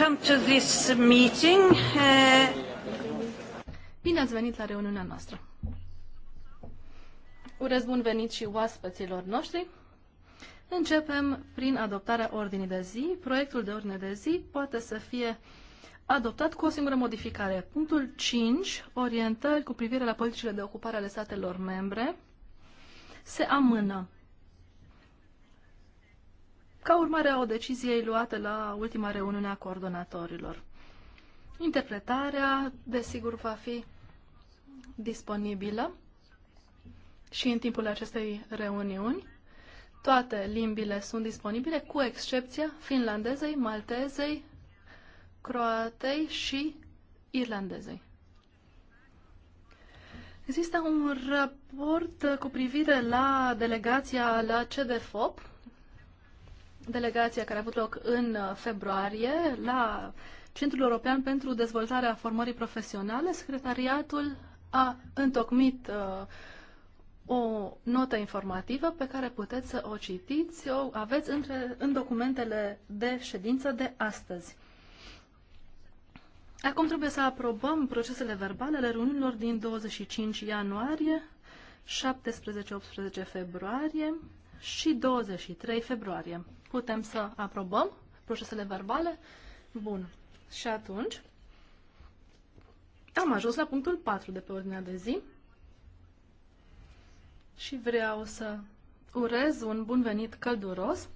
Welcome to this meeting. Uh, Bine ați venit la reuniunea noastră. Urez bun venit și oaspeților noștri. Începem prin adoptarea ordinii de zi. Proiectul de ordine de zi poate să fie adoptat cu o singură modificare. Punctul 5, orientări cu privire la politicile de ocupare ale statelor membre, se amână ca urmare a o decizie luată la ultima reuniune a coordonatorilor. Interpretarea, desigur, va fi disponibilă și în timpul acestei reuniuni. Toate limbile sunt disponibile, cu excepția finlandezei, maltezei, croatei și irlandezei. Există un raport cu privire la delegația la CDFOP delegația care a avut loc în uh, februarie la Centrul European pentru Dezvoltarea Formării Profesionale, secretariatul a întocmit uh, o notă informativă pe care puteți să o citiți, o aveți între, în documentele de ședință de astăzi. Acum trebuie să aprobăm procesele verbale ale reuniunilor din 25 ianuarie, 17-18 februarie și 23 februarie. Putem să aprobăm procesele verbale? Bun. Și atunci am ajuns la punctul 4 de pe ordinea de zi și vreau să urez un bun venit călduros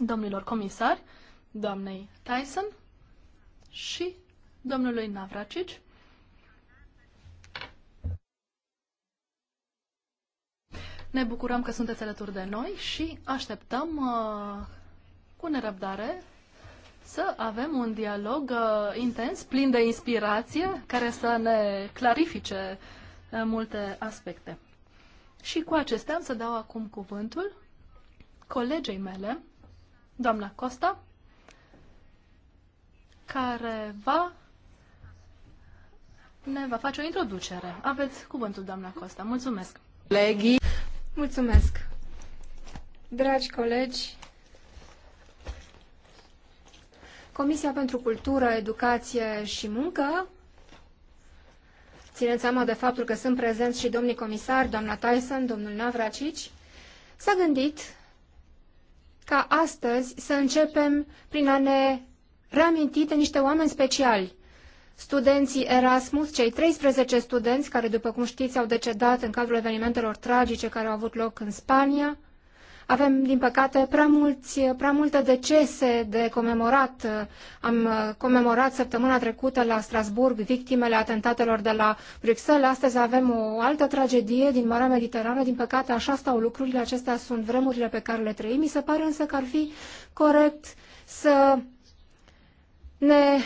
domnilor comisari, doamnei Tyson și domnului Navracici Ne bucurăm că sunteți alături de noi și așteptăm uh, cu nerăbdare să avem un dialog uh, intens, plin de inspirație, care să ne clarifice uh, multe aspecte. Și cu acestea am să dau acum cuvântul colegei mele, doamna Costa, care va ne va face o introducere. Aveți cuvântul, doamna Costa. Mulțumesc. Legii. Mulțumesc. Dragi colegi, Comisia pentru Cultură, Educație și Muncă, ținând seama de faptul că sunt prezenți și domnii comisari, doamna Tyson, domnul Navracici, s-a gândit ca astăzi să începem prin a ne reaminti de niște oameni speciali studenții Erasmus, cei 13 studenți care, după cum știți, au decedat în cadrul evenimentelor tragice care au avut loc în Spania. Avem, din păcate, prea, mulți, prea multe decese de comemorat. Am comemorat săptămâna trecută la Strasbourg victimele atentatelor de la Bruxelles. Astăzi avem o altă tragedie din Marea Mediterană. Din păcate, așa stau lucrurile. Acestea sunt vremurile pe care le trăim. Mi se pare însă că ar fi corect să ne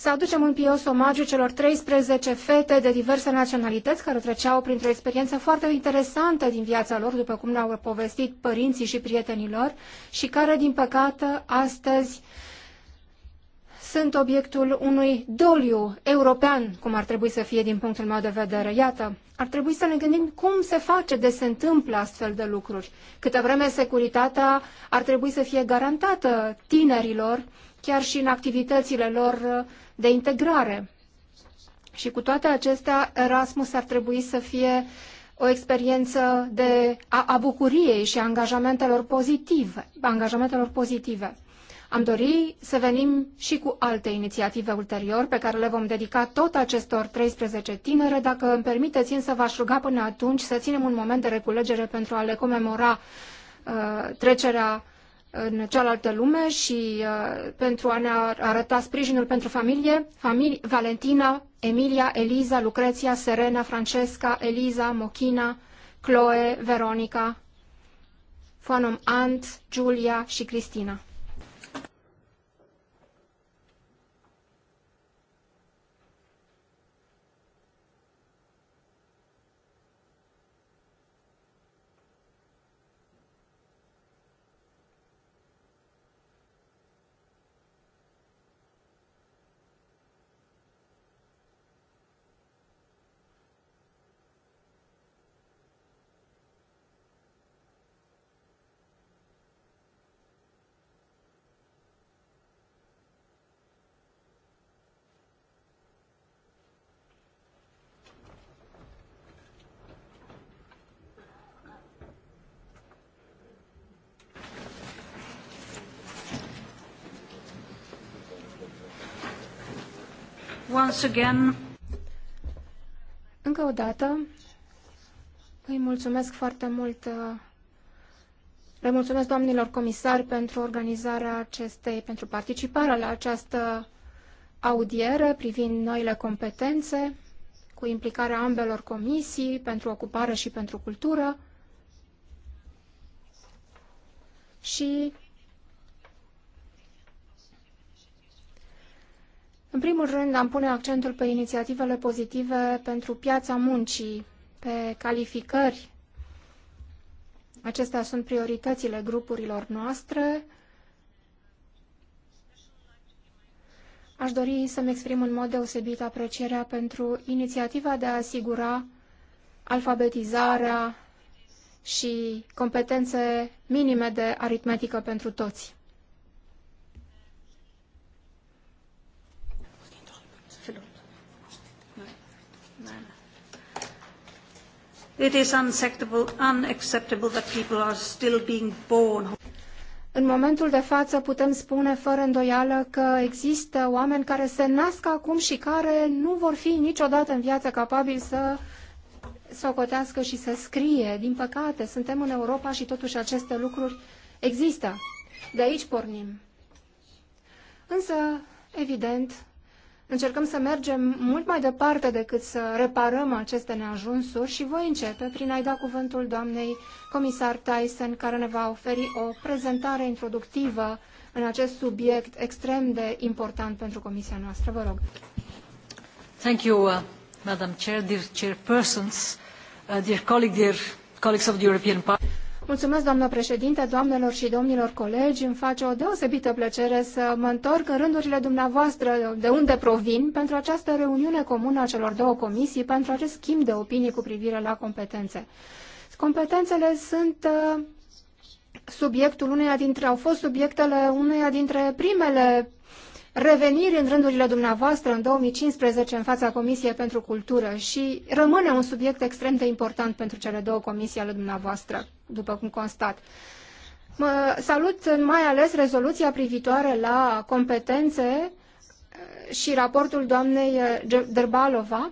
să aducem un pios omagiu celor 13 fete de diverse naționalități care treceau printr-o experiență foarte interesantă din viața lor, după cum ne-au povestit părinții și prietenilor, și care, din păcate, astăzi sunt obiectul unui doliu european, cum ar trebui să fie din punctul meu de vedere. Iată, ar trebui să ne gândim cum se face de se întâmplă astfel de lucruri. Câtă vreme securitatea ar trebui să fie garantată tinerilor, chiar și în activitățile lor de integrare. Și cu toate acestea, Erasmus ar trebui să fie o experiență de, a, a bucuriei și a angajamentelor pozitive. Angajamentelor pozitive. Am dori să venim și cu alte inițiative ulterior pe care le vom dedica tot acestor 13 tinere. Dacă îmi permiteți, însă v-aș ruga până atunci să ținem un moment de reculegere pentru a le comemora uh, trecerea în cealaltă lume și uh, pentru a ne arăta sprijinul pentru familie, famili- Valentina, Emilia, Eliza, Lucreția, Serena, Francesca, Eliza, Mochina, Chloe, Veronica, Foanom Ant, Giulia și Cristina. once again. Încă o dată, îi mulțumesc foarte mult, le mulțumesc doamnilor comisari pentru organizarea acestei, pentru participarea la această audiere privind noile competențe, cu implicarea ambelor comisii pentru ocupare și pentru cultură. Și În primul rând, am pune accentul pe inițiativele pozitive pentru piața muncii, pe calificări. Acestea sunt prioritățile grupurilor noastre. Aș dori să-mi exprim în mod deosebit aprecierea pentru inițiativa de a asigura alfabetizarea și competențe minime de aritmetică pentru toți. It is unacceptable, unacceptable that people are still being born. În momentul de față putem spune fără îndoială că există oameni care se nasc acum și care nu vor fi niciodată în viață capabili să socotească și să scrie. Din păcate, suntem în Europa și totuși aceste lucruri există. De aici pornim. Însă, evident, Încercăm să mergem mult mai departe decât să reparăm aceste neajunsuri și voi începe prin a-i da cuvântul doamnei comisar Tyson, care ne va oferi o prezentare introductivă în acest subiect extrem de important pentru comisia noastră. Vă rog. Thank you, uh, Madam Chair, dear chairpersons, uh, dear dear colleagues of the European Parliament. Mulțumesc, doamnă președinte, doamnelor și domnilor colegi. Îmi face o deosebită plăcere să mă întorc în rândurile dumneavoastră de unde provin pentru această reuniune comună a celor două comisii, pentru acest schimb de opinii cu privire la competențe. Competențele sunt uh, subiectul uneia dintre, au fost subiectele uneia dintre primele reveniri în rândurile dumneavoastră în 2015 în fața Comisiei pentru Cultură și rămâne un subiect extrem de important pentru cele două comisii ale dumneavoastră după cum constat. Mă salut mai ales rezoluția privitoare la competențe eh, și raportul doamnei eh, Derbalova.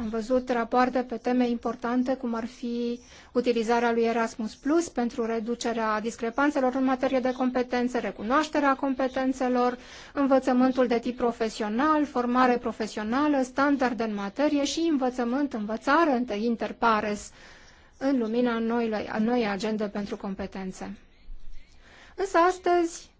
Am văzut rapoarte pe teme importante, cum ar fi utilizarea lui Erasmus Plus pentru reducerea discrepanțelor în materie de competențe, recunoașterea competențelor, învățământul de tip profesional, formare profesională, standarde în materie și învățământ, învățare, interpares, uh, în lumina noilor, noi agende pentru competențe. Însă astăzi,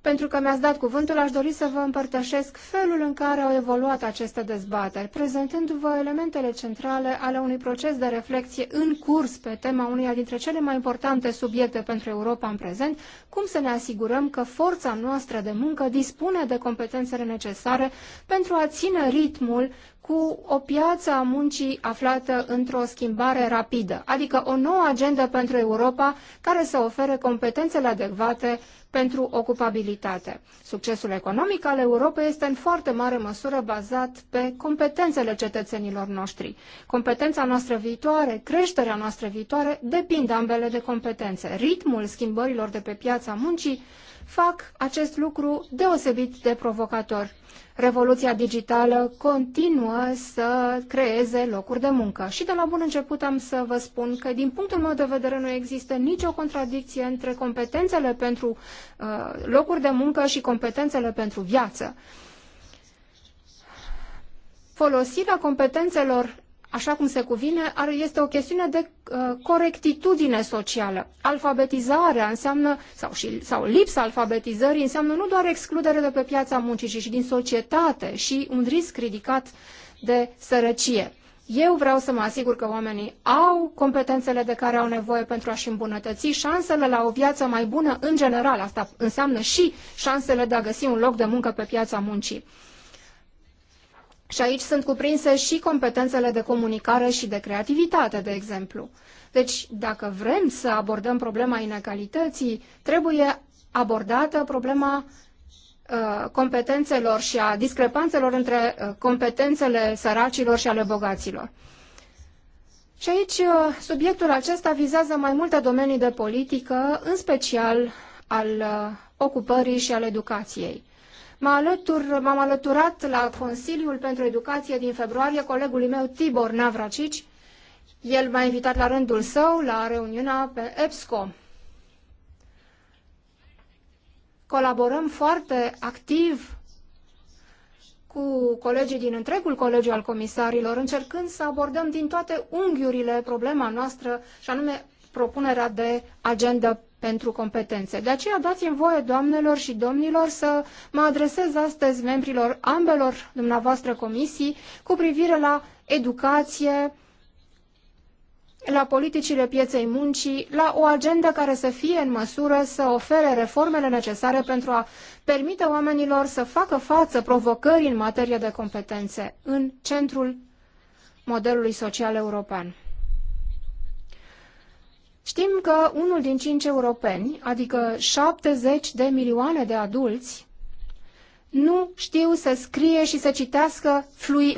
pentru că mi-ați dat cuvântul, aș dori să vă împărtășesc felul în care au evoluat aceste dezbateri, prezentându-vă elementele centrale ale unui proces de reflexie în curs pe tema uneia dintre cele mai importante subiecte pentru Europa în prezent, cum să ne asigurăm că forța noastră de muncă dispune de competențele necesare pentru a ține ritmul cu o piață a muncii aflată într-o schimbare rapidă, adică o nouă agendă pentru Europa care să ofere competențele adecvate pentru ocupabilitate. Succesul economic al Europei este în foarte mare măsură bazat pe competențele cetățenilor noștri. Competența noastră viitoare, creșterea noastră viitoare depind ambele de competențe. Ritmul schimbărilor de pe piața muncii fac acest lucru deosebit de provocator. Revoluția digitală continuă să creeze locuri de muncă. Și de la bun început am să vă spun că, din punctul meu de vedere, nu există nicio contradicție între competențele pentru uh, locuri de muncă și competențele pentru viață. Folosirea competențelor așa cum se cuvine, este o chestiune de uh, corectitudine socială. Alfabetizarea înseamnă, sau, și, sau lipsa alfabetizării înseamnă nu doar excludere de pe piața muncii, ci și din societate și un risc ridicat de sărăcie. Eu vreau să mă asigur că oamenii au competențele de care au nevoie pentru a-și îmbunătăți șansele la o viață mai bună în general. Asta înseamnă și șansele de a găsi un loc de muncă pe piața muncii. Și aici sunt cuprinse și competențele de comunicare și de creativitate, de exemplu. Deci, dacă vrem să abordăm problema inegalității, trebuie abordată problema uh, competențelor și a discrepanțelor între uh, competențele săracilor și ale bogaților. Și aici uh, subiectul acesta vizează mai multe domenii de politică, în special al ocupării și al educației. M-am alăturat la Consiliul pentru Educație din februarie colegului meu Tibor Navracici. El m-a invitat la rândul său la reuniunea pe EPSCO. Colaborăm foarte activ cu colegii din întregul colegiu al comisarilor, încercând să abordăm din toate unghiurile problema noastră, și anume propunerea de agendă pentru competențe. De aceea dați-mi voie, doamnelor și domnilor, să mă adresez astăzi membrilor ambelor dumneavoastră comisii cu privire la educație, la politicile pieței muncii, la o agendă care să fie în măsură să ofere reformele necesare pentru a permite oamenilor să facă față provocării în materie de competențe în centrul modelului social european. Știm că unul din cinci europeni, adică 70 de milioane de adulți, nu știu să scrie și să citească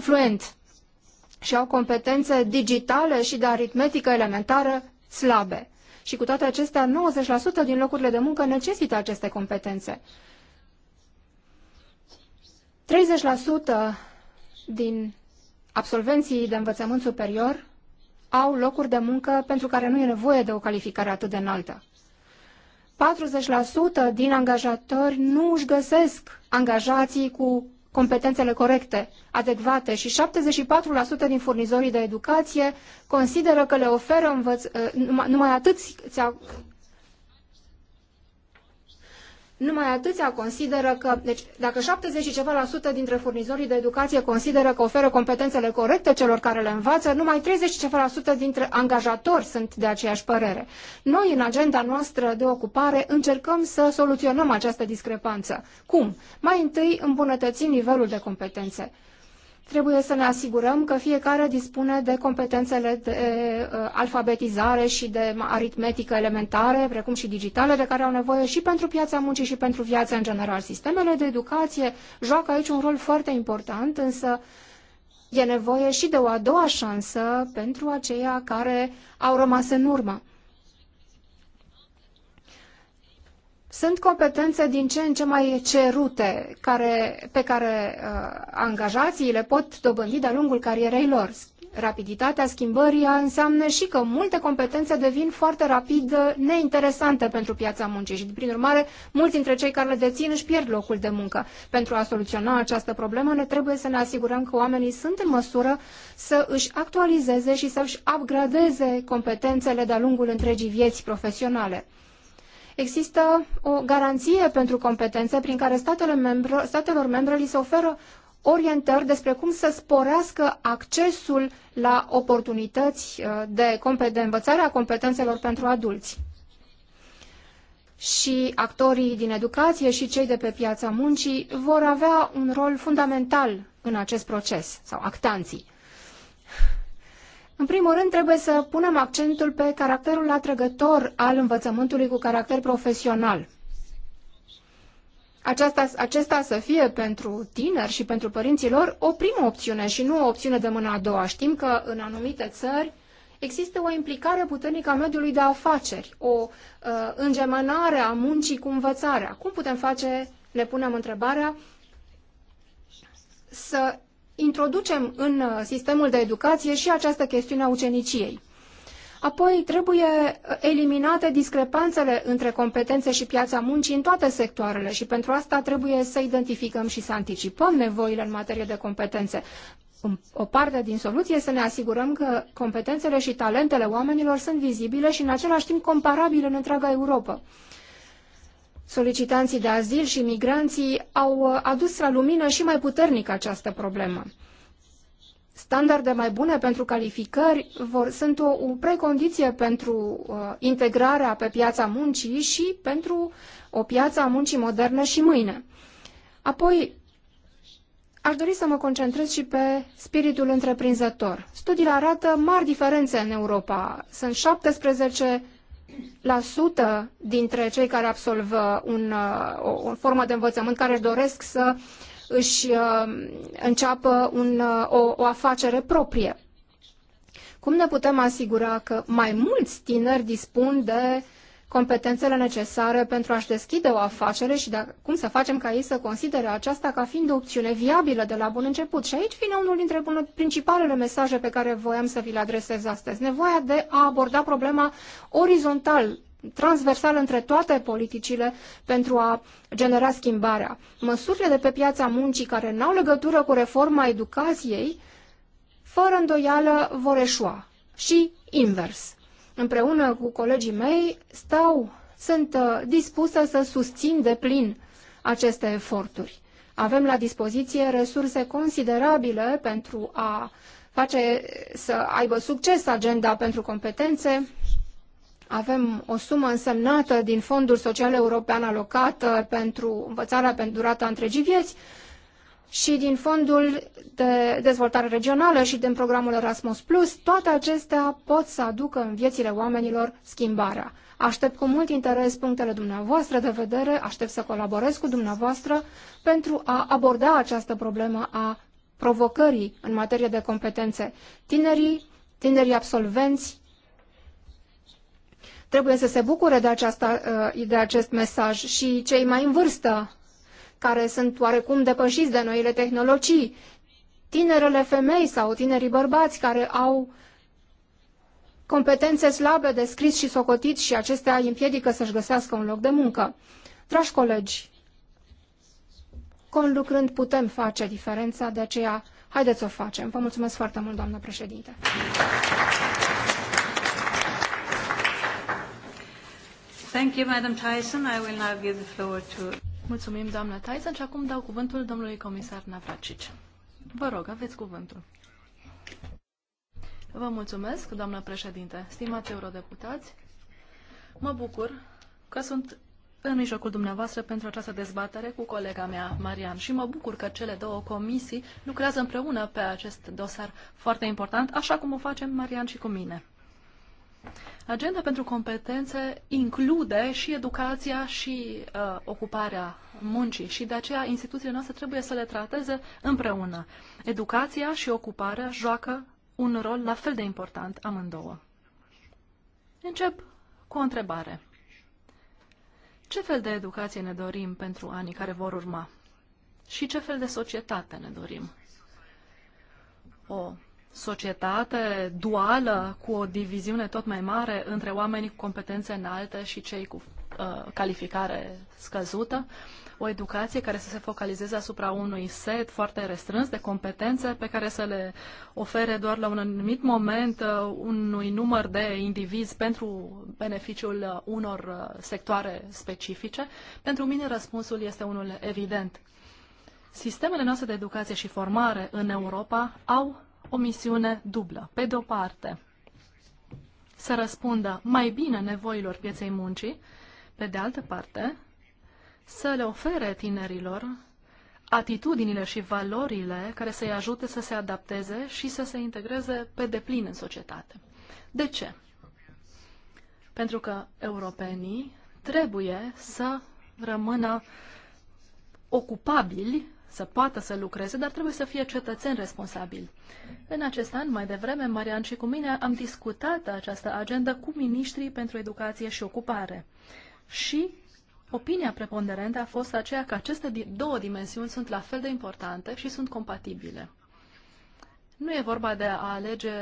fluent și au competențe digitale și de aritmetică elementară slabe. Și cu toate acestea, 90% din locurile de muncă necesită aceste competențe. 30% din absolvenții de învățământ superior au locuri de muncă pentru care nu e nevoie de o calificare atât de înaltă. 40% din angajatori nu își găsesc angajații cu competențele corecte, adecvate și 74% din furnizorii de educație consideră că le oferă învăț- numai atât numai atâția consideră că, deci dacă 70 și ceva la sută dintre furnizorii de educație consideră că oferă competențele corecte celor care le învață, numai 30 și ceva la sută dintre angajatori sunt de aceeași părere. Noi, în agenda noastră de ocupare, încercăm să soluționăm această discrepanță. Cum? Mai întâi îmbunătățim nivelul de competențe. Trebuie să ne asigurăm că fiecare dispune de competențele de uh, alfabetizare și de aritmetică elementare, precum și digitale, de care au nevoie și pentru piața muncii și pentru viața în general. Sistemele de educație joacă aici un rol foarte important, însă e nevoie și de o a doua șansă pentru aceia care au rămas în urmă. Sunt competențe din ce în ce mai cerute care, pe care uh, angajații le pot dobândi de-a lungul carierei lor. Rapiditatea schimbării înseamnă și că multe competențe devin foarte rapid uh, neinteresante pentru piața muncii și, prin urmare, mulți dintre cei care le dețin își pierd locul de muncă. Pentru a soluționa această problemă, ne trebuie să ne asigurăm că oamenii sunt în măsură să își actualizeze și să își upgradeze competențele de-a lungul întregii vieți profesionale există o garanție pentru competențe prin care statele membre, statelor membre li se oferă orientări despre cum să sporească accesul la oportunități uh, de, de învățare a competențelor pentru adulți. Și actorii din educație și cei de pe piața muncii vor avea un rol fundamental în acest proces, sau actanții. În primul rând, trebuie să punem accentul pe caracterul atrăgător al învățământului cu caracter profesional. Aceasta, acesta să fie pentru tineri și pentru părinții lor o primă opțiune și nu o opțiune de mâna a doua. Știm că în anumite țări există o implicare puternică a mediului de afaceri, o uh, îngemânare a muncii cu învățarea. Cum putem face, ne punem întrebarea, să introducem în uh, sistemul de educație și această chestiune a uceniciei. Apoi trebuie uh, eliminate discrepanțele între competențe și piața muncii în toate sectoarele și pentru asta trebuie să identificăm și să anticipăm nevoile în materie de competențe. O parte din soluție este să ne asigurăm că competențele și talentele oamenilor sunt vizibile și în același timp comparabile în întreaga Europa solicitanții de azil și migranții au uh, adus la lumină și mai puternic această problemă. Standarde mai bune pentru calificări vor, sunt o, o precondiție pentru uh, integrarea pe piața muncii și pentru o piață a muncii modernă și mâine. Apoi, aș dori să mă concentrez și pe spiritul întreprinzător. Studiile arată mari diferențe în Europa. Sunt 17 dintre cei care absolvă un, uh, o, o, formă de învățământ care își doresc să își uh, înceapă un, uh, o, o afacere proprie. Cum ne putem asigura că mai mulți tineri dispun de competențele necesare pentru a-și deschide o afacere și de, cum să facem ca ei să considere aceasta ca fiind o opțiune viabilă de la bun început. Și aici vine unul dintre principalele mesaje pe care voiam să vi le adresez astăzi. Nevoia de a aborda problema orizontal, transversal între toate politicile pentru a genera schimbarea. Măsurile de pe piața muncii care n-au legătură cu reforma educației, fără îndoială vor eșua. Și invers împreună cu colegii mei, stau, sunt uh, dispusă să susțin de plin aceste eforturi. Avem la dispoziție resurse considerabile pentru a face să aibă succes agenda pentru competențe. Avem o sumă însemnată din Fondul Social European alocată uh, pentru învățarea pentru durata întregii vieți și din Fondul de Dezvoltare Regională și din programul Erasmus Plus, toate acestea pot să aducă în viețile oamenilor schimbarea. Aștept cu mult interes punctele dumneavoastră de vedere, aștept să colaborez cu dumneavoastră pentru a aborda această problemă a provocării în materie de competențe. Tinerii, tinerii absolvenți trebuie să se bucure de, aceasta, de acest mesaj și cei mai în vârstă care sunt oarecum depășiți de noile tehnologii, tinerele femei sau tinerii bărbați care au competențe slabe de scris și socotit și acestea îi împiedică să-și găsească un loc de muncă. Dragi colegi, conlucrând putem face diferența, de aceea haideți să o facem. Vă mulțumesc foarte mult, doamnă președinte. Thank you, Madam Tyson. I will now give the floor to... Mulțumim, doamna Tyson, și acum dau cuvântul domnului comisar Navracici. Vă rog, aveți cuvântul. Vă mulțumesc, doamnă președinte, stimați eurodeputați. Mă bucur că sunt în mijlocul dumneavoastră pentru această dezbatere cu colega mea, Marian, și mă bucur că cele două comisii lucrează împreună pe acest dosar foarte important, așa cum o facem Marian și cu mine. Agenda pentru competențe include și educația și uh, ocuparea muncii și de aceea instituțiile noastre trebuie să le trateze împreună. Educația și ocuparea joacă un rol la fel de important amândouă. Încep cu o întrebare. Ce fel de educație ne dorim pentru anii care vor urma? Și ce fel de societate ne dorim? O societate duală cu o diviziune tot mai mare între oamenii cu competențe înalte și cei cu uh, calificare scăzută, o educație care să se focalizeze asupra unui set foarte restrâns de competențe pe care să le ofere doar la un anumit moment uh, unui număr de indivizi pentru beneficiul uh, unor uh, sectoare specifice, pentru mine răspunsul este unul evident. Sistemele noastre de educație și formare în Europa au o misiune dublă. Pe de o parte, să răspundă mai bine nevoilor pieței muncii, pe de altă parte, să le ofere tinerilor atitudinile și valorile care să-i ajute să se adapteze și să se integreze pe deplin în societate. De ce? Pentru că europenii trebuie să rămână ocupabili să poată să lucreze, dar trebuie să fie cetățeni responsabili. În acest an, mai devreme, Marian și cu mine am discutat această agendă cu ministrii pentru educație și ocupare. Și opinia preponderentă a fost aceea că aceste două dimensiuni sunt la fel de importante și sunt compatibile. Nu e vorba de a alege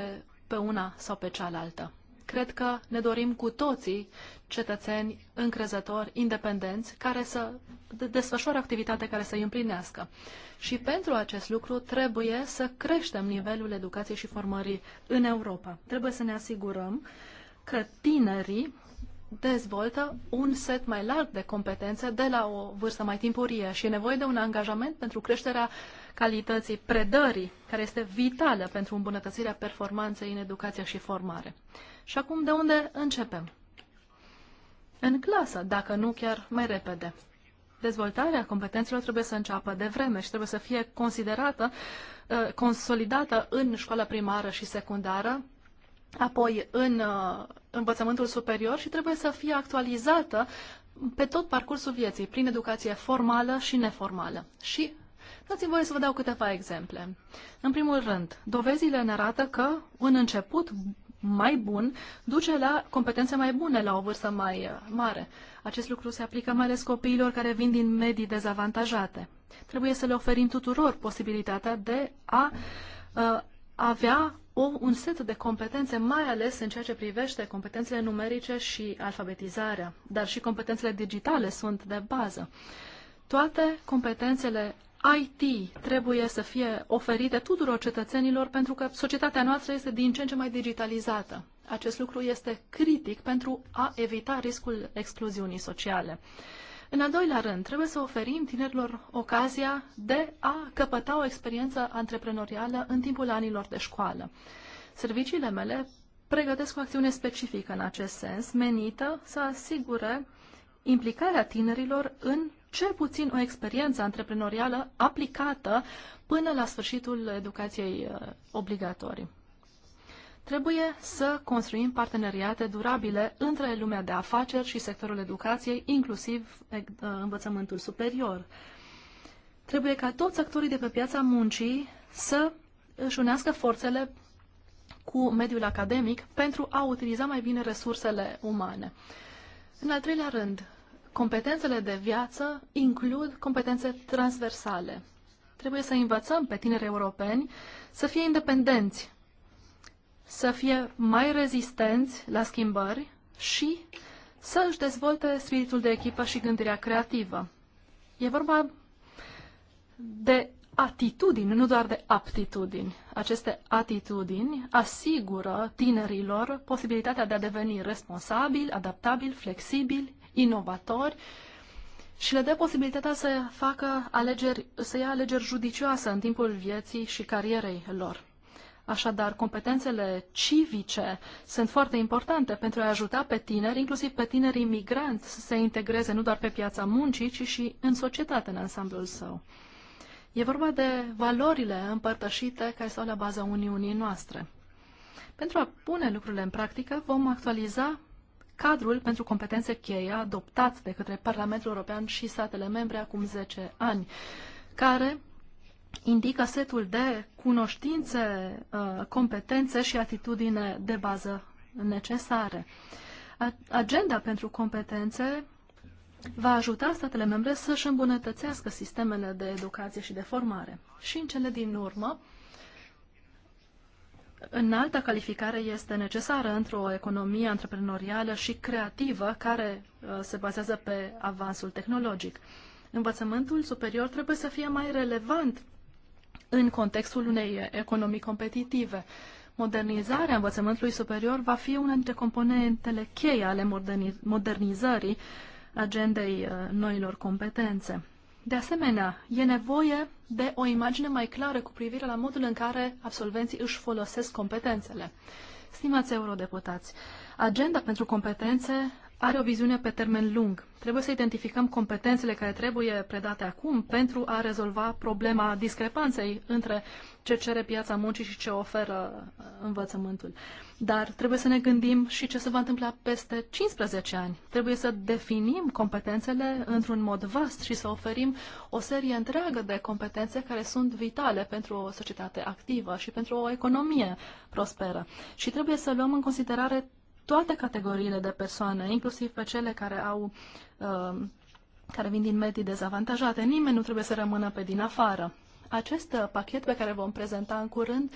pe una sau pe cealaltă. Cred că ne dorim cu toții cetățeni încrezători, independenți, care să desfășoare activitate care să îi împlinească. Și pentru acest lucru trebuie să creștem nivelul educației și formării în Europa. Trebuie să ne asigurăm că tinerii dezvoltă un set mai larg de competențe de la o vârstă mai timpurie și e nevoie de un angajament pentru creșterea calității predării, care este vitală pentru îmbunătățirea performanței în educație și formare. Și acum, de unde începem? în clasă, dacă nu chiar mai repede. Dezvoltarea competențelor trebuie să înceapă de vreme și trebuie să fie considerată, uh, consolidată în școala primară și secundară, apoi în uh, învățământul superior și trebuie să fie actualizată pe tot parcursul vieții, prin educație formală și neformală. Și dați-mi voie să vă dau câteva exemple. În primul rând, dovezile ne arată că un început mai bun duce la competențe mai bune la o vârstă mai uh, mare. Acest lucru se aplică mai ales copiilor care vin din medii dezavantajate. Trebuie să le oferim tuturor posibilitatea de a uh, avea o, un set de competențe, mai ales în ceea ce privește competențele numerice și alfabetizarea, dar și competențele digitale sunt de bază. Toate competențele IT trebuie să fie oferite tuturor cetățenilor pentru că societatea noastră este din ce în ce mai digitalizată. Acest lucru este critic pentru a evita riscul excluziunii sociale. În al doilea rând, trebuie să oferim tinerilor ocazia de a căpăta o experiență antreprenorială în timpul anilor de școală. Serviciile mele pregătesc o acțiune specifică în acest sens, menită să asigure implicarea tinerilor în cel puțin o experiență antreprenorială aplicată până la sfârșitul educației uh, obligatorii. Trebuie să construim parteneriate durabile între lumea de afaceri și sectorul educației, inclusiv uh, învățământul superior. Trebuie ca toți actorii de pe piața muncii să își unească forțele cu mediul academic pentru a utiliza mai bine resursele umane. În al treilea rând, competențele de viață includ competențe transversale. Trebuie să învățăm pe tineri europeni să fie independenți, să fie mai rezistenți la schimbări și să își dezvolte spiritul de echipă și gândirea creativă. E vorba de atitudini, nu doar de aptitudini. Aceste atitudini asigură tinerilor posibilitatea de a deveni responsabil, adaptabil, flexibil inovatori și le dă posibilitatea să facă alegeri, să ia alegeri judicioase în timpul vieții și carierei lor. Așadar, competențele civice sunt foarte importante pentru a ajuta pe tineri, inclusiv pe tinerii migranți, să se integreze nu doar pe piața muncii, ci și în societate în ansamblul său. E vorba de valorile împărtășite care stau la baza Uniunii noastre. Pentru a pune lucrurile în practică, vom actualiza cadrul pentru competențe cheie adoptat de către Parlamentul European și statele membre acum 10 ani, care indică setul de cunoștințe, uh, competențe și atitudine de bază necesare. Agenda pentru competențe va ajuta statele membre să-și îmbunătățească sistemele de educație și de formare. Și în cele din urmă, înalta calificare este necesară într-o economie antreprenorială și creativă care uh, se bazează pe avansul tehnologic. Învățământul superior trebuie să fie mai relevant în contextul unei economii competitive. Modernizarea învățământului superior va fi una dintre componentele cheie ale modernizării agendei uh, noilor competențe. De asemenea, e nevoie de o imagine mai clară cu privire la modul în care absolvenții își folosesc competențele. Stimați eurodeputați, agenda pentru competențe are o viziune pe termen lung. Trebuie să identificăm competențele care trebuie predate acum pentru a rezolva problema discrepanței între ce cere piața muncii și ce oferă uh, învățământul. Dar trebuie să ne gândim și ce se va întâmpla peste 15 ani. Trebuie să definim competențele într-un mod vast și să oferim o serie întreagă de competențe care sunt vitale pentru o societate activă și pentru o economie prosperă. Și trebuie să luăm în considerare toate categoriile de persoane, inclusiv pe cele care au um, care vin din medii dezavantajate. Nimeni nu trebuie să rămână pe din afară. Acest uh, pachet pe care vom prezenta în curând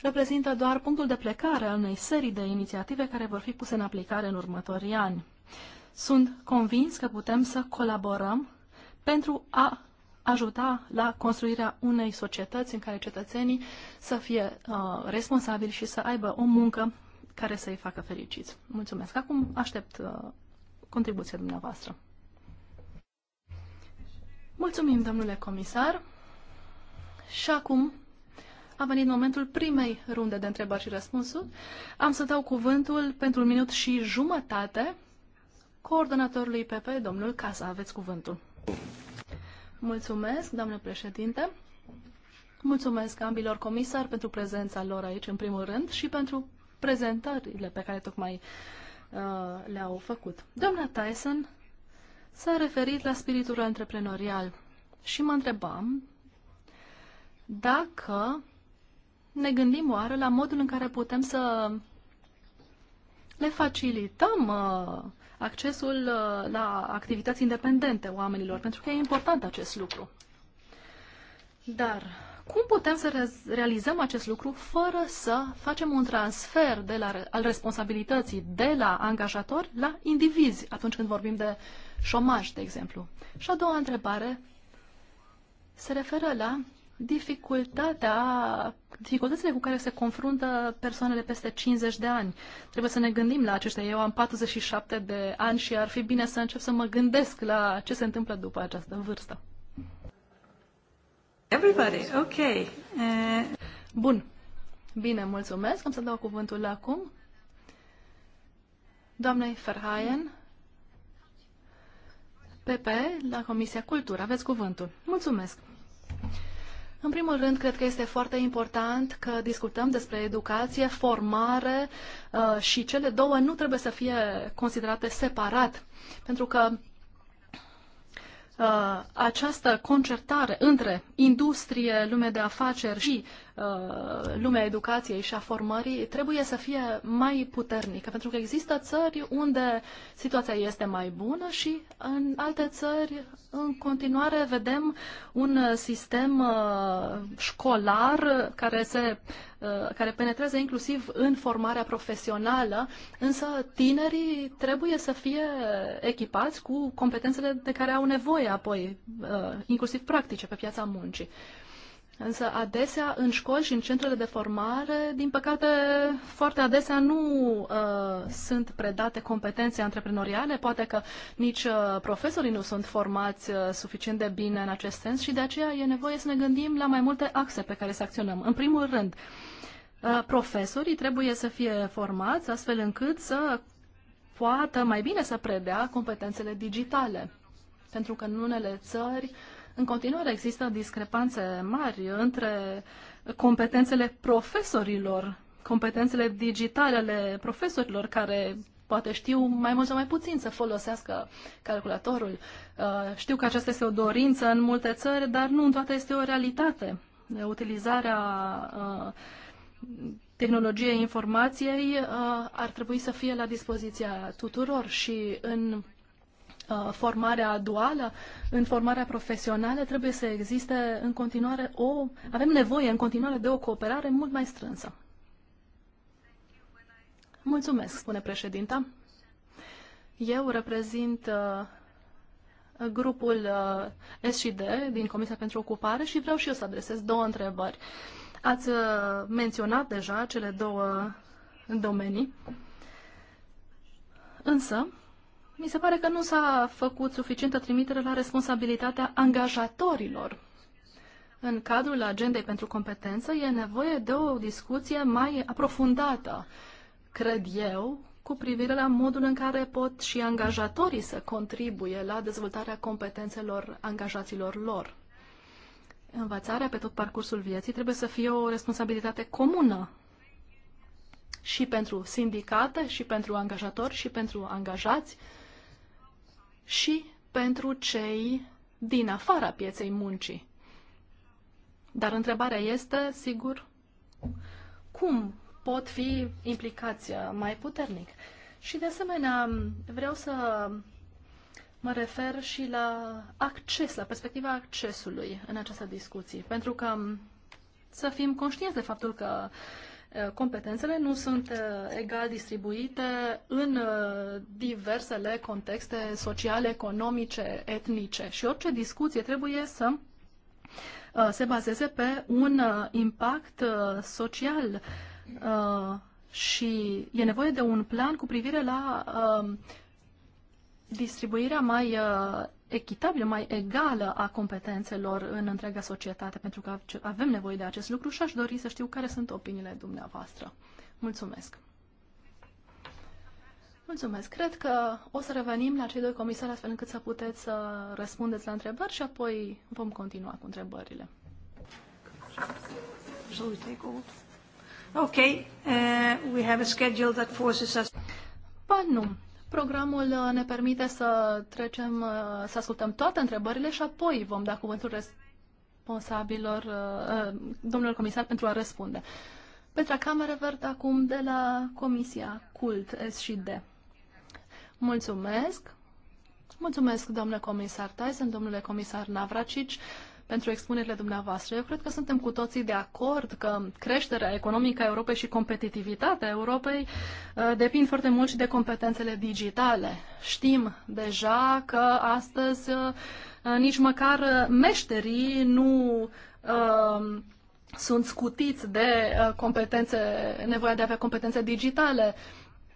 reprezintă doar punctul de plecare al unei serii de inițiative care vor fi puse în aplicare în următorii ani. Sunt convins că putem să colaborăm pentru a ajuta la construirea unei societăți în care cetățenii să fie uh, responsabili și să aibă o muncă care să-i facă fericiți. Mulțumesc. Acum aștept uh, contribuția dumneavoastră. Mulțumim, domnule comisar. Și acum a venit momentul primei runde de întrebări și răspunsuri. Am să dau cuvântul pentru un minut și jumătate coordonatorului PP, domnul Casa. Aveți cuvântul. Mulțumesc, domnule președinte. Mulțumesc ambilor comisari pentru prezența lor aici, în primul rând, și pentru prezentările pe care tocmai uh, le-au făcut. Doamna Tyson s-a referit la spiritul antreprenorial și mă întrebam dacă ne gândim oară la modul în care putem să le facilităm uh, accesul uh, la activități independente oamenilor, pentru că e important acest lucru. Dar cum putem să realizăm acest lucru fără să facem un transfer de la, al responsabilității de la angajatori la indivizi atunci când vorbim de șomaj, de exemplu? Și a doua întrebare se referă la dificultatea, dificultățile cu care se confruntă persoanele peste 50 de ani. Trebuie să ne gândim la aceștia. Eu am 47 de ani și ar fi bine să încep să mă gândesc la ce se întâmplă după această vârstă. Everybody, ok. Uh, Bun. Bine, mulțumesc. Am să dau cuvântul acum. Doamnei Ferhaien, PP, la Comisia Cultură. Aveți cuvântul. Mulțumesc. În primul rând, cred că este foarte important că discutăm despre educație, formare uh, și cele două nu trebuie să fie considerate separat, pentru că Uh, această concertare între industrie, lume de afaceri și Uh, lumea educației și a formării trebuie să fie mai puternică, pentru că există țări unde situația este mai bună și în alte țări în continuare vedem un sistem uh, școlar care se uh, care penetrează inclusiv în formarea profesională, însă tinerii trebuie să fie echipați cu competențele de care au nevoie apoi, inclusiv practice pe piața muncii. Însă adesea în școli și în centrele de formare, din păcate, foarte adesea nu uh, sunt predate competențe antreprenoriale, poate că nici uh, profesorii nu sunt formați uh, suficient de bine în acest sens și de aceea e nevoie să ne gândim la mai multe axe pe care să acționăm. În primul rând, uh, profesorii trebuie să fie formați astfel încât să poată mai bine să predea competențele digitale. Pentru că în unele țări uh, în continuare există discrepanțe mari între competențele profesorilor, competențele digitale ale profesorilor care poate știu mai mult sau mai puțin să folosească calculatorul. Uh, știu că aceasta este o dorință în multe țări, dar nu în toate este o realitate. Utilizarea uh, tehnologiei informației uh, ar trebui să fie la dispoziția tuturor și în Uh, formarea duală, în formarea profesională, trebuie să existe în continuare o. avem nevoie în continuare de o cooperare mult mai strânsă. Mulțumesc, spune președinta. Eu reprezint uh, grupul uh, SCD SD din Comisia pentru Ocupare și vreau și eu să adresez două întrebări. Ați menționat deja cele două domenii, însă mi se pare că nu s-a făcut suficientă trimitere la responsabilitatea angajatorilor. În cadrul agendei pentru competență e nevoie de o discuție mai aprofundată, cred eu, cu privire la modul în care pot și angajatorii să contribuie la dezvoltarea competențelor angajaților lor. Învățarea pe tot parcursul vieții trebuie să fie o responsabilitate comună și pentru sindicate, și pentru angajatori, și pentru angajați, și pentru cei din afara pieței muncii. Dar întrebarea este, sigur, cum pot fi implicați mai puternic? Și de asemenea, vreau să mă refer și la acces, la perspectiva accesului în această discuție, pentru că să fim conștienți de faptul că Eh, competențele nu sunt eh, egal distribuite în eh, diversele contexte sociale, economice, etnice și orice discuție trebuie să se bazeze pe un impact social și e nevoie de un plan cu privire la distribuirea mai echitabilă, mai egală a competențelor în întreaga societate, pentru că avem nevoie de acest lucru și aș dori să știu care sunt opiniile dumneavoastră. Mulțumesc! Mulțumesc. Cred că o să revenim la cei doi comisari astfel încât să puteți să răspundeți la întrebări și apoi vom continua cu întrebările. Okay, uh, we have a schedule that forces us... Ba nu, Programul uh, ne permite să trecem, uh, să ascultăm toate întrebările și apoi vom da cuvântul responsabilor, uh, domnilor comisar, pentru a răspunde. Petra Camerevert, acum de la Comisia CULT S și D. Mulțumesc! Mulțumesc, domnule comisar Tyson, domnule comisar Navracici pentru expunerile dumneavoastră. Eu cred că suntem cu toții de acord că creșterea economică a Europei și competitivitatea Europei uh, depind foarte mult și de competențele digitale. Știm deja că astăzi uh, uh, nici măcar meșterii nu uh, sunt scutiți de competențe, nevoia de a avea competențe digitale.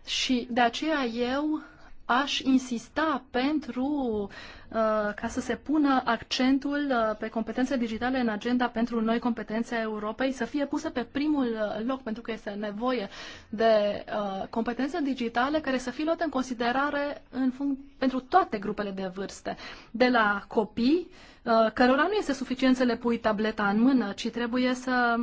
Și de aceea eu aș insista pentru uh, ca să se pună accentul uh, pe competențe digitale în agenda pentru noi competențe a Europei, să fie pusă pe primul uh, loc, pentru că este nevoie de competențe digitale care să fie luate în considerare în func- pentru toate grupele de vârste, de la copii, cărora nu este suficient să le pui tableta în mână, ci trebuie să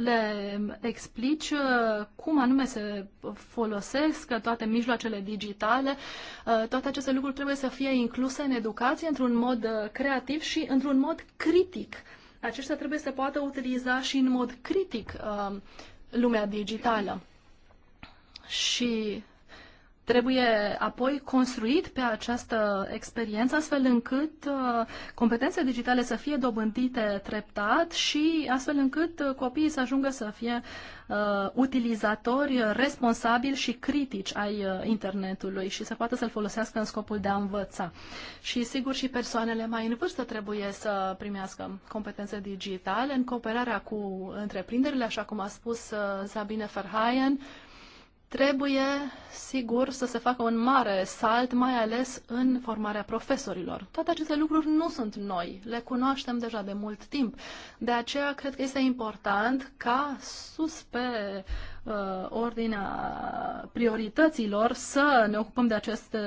le explici uh, cum anume se folosesc toate mijloacele digitale. Uh, toate aceste lucruri trebuie să fie incluse în educație într-un mod uh, creativ și într-un mod critic. Aceștia trebuie să poată utiliza și în mod critic lumea digitală. Și Trebuie apoi construit pe această experiență astfel încât uh, competențele digitale să fie dobândite treptat și astfel încât uh, copiii să ajungă să fie uh, utilizatori responsabili și critici ai uh, internetului și să poată să-l folosească în scopul de a învăța. Și sigur și persoanele mai în vârstă trebuie să primească competențe digitale în cooperarea cu întreprinderile, așa cum a spus Sabine Verheyen, Trebuie, sigur, să se facă un mare salt, mai ales în formarea profesorilor. Toate aceste lucruri nu sunt noi, le cunoaștem deja de mult timp. De aceea, cred că este important ca sus pe uh, ordinea priorităților să ne ocupăm de aceste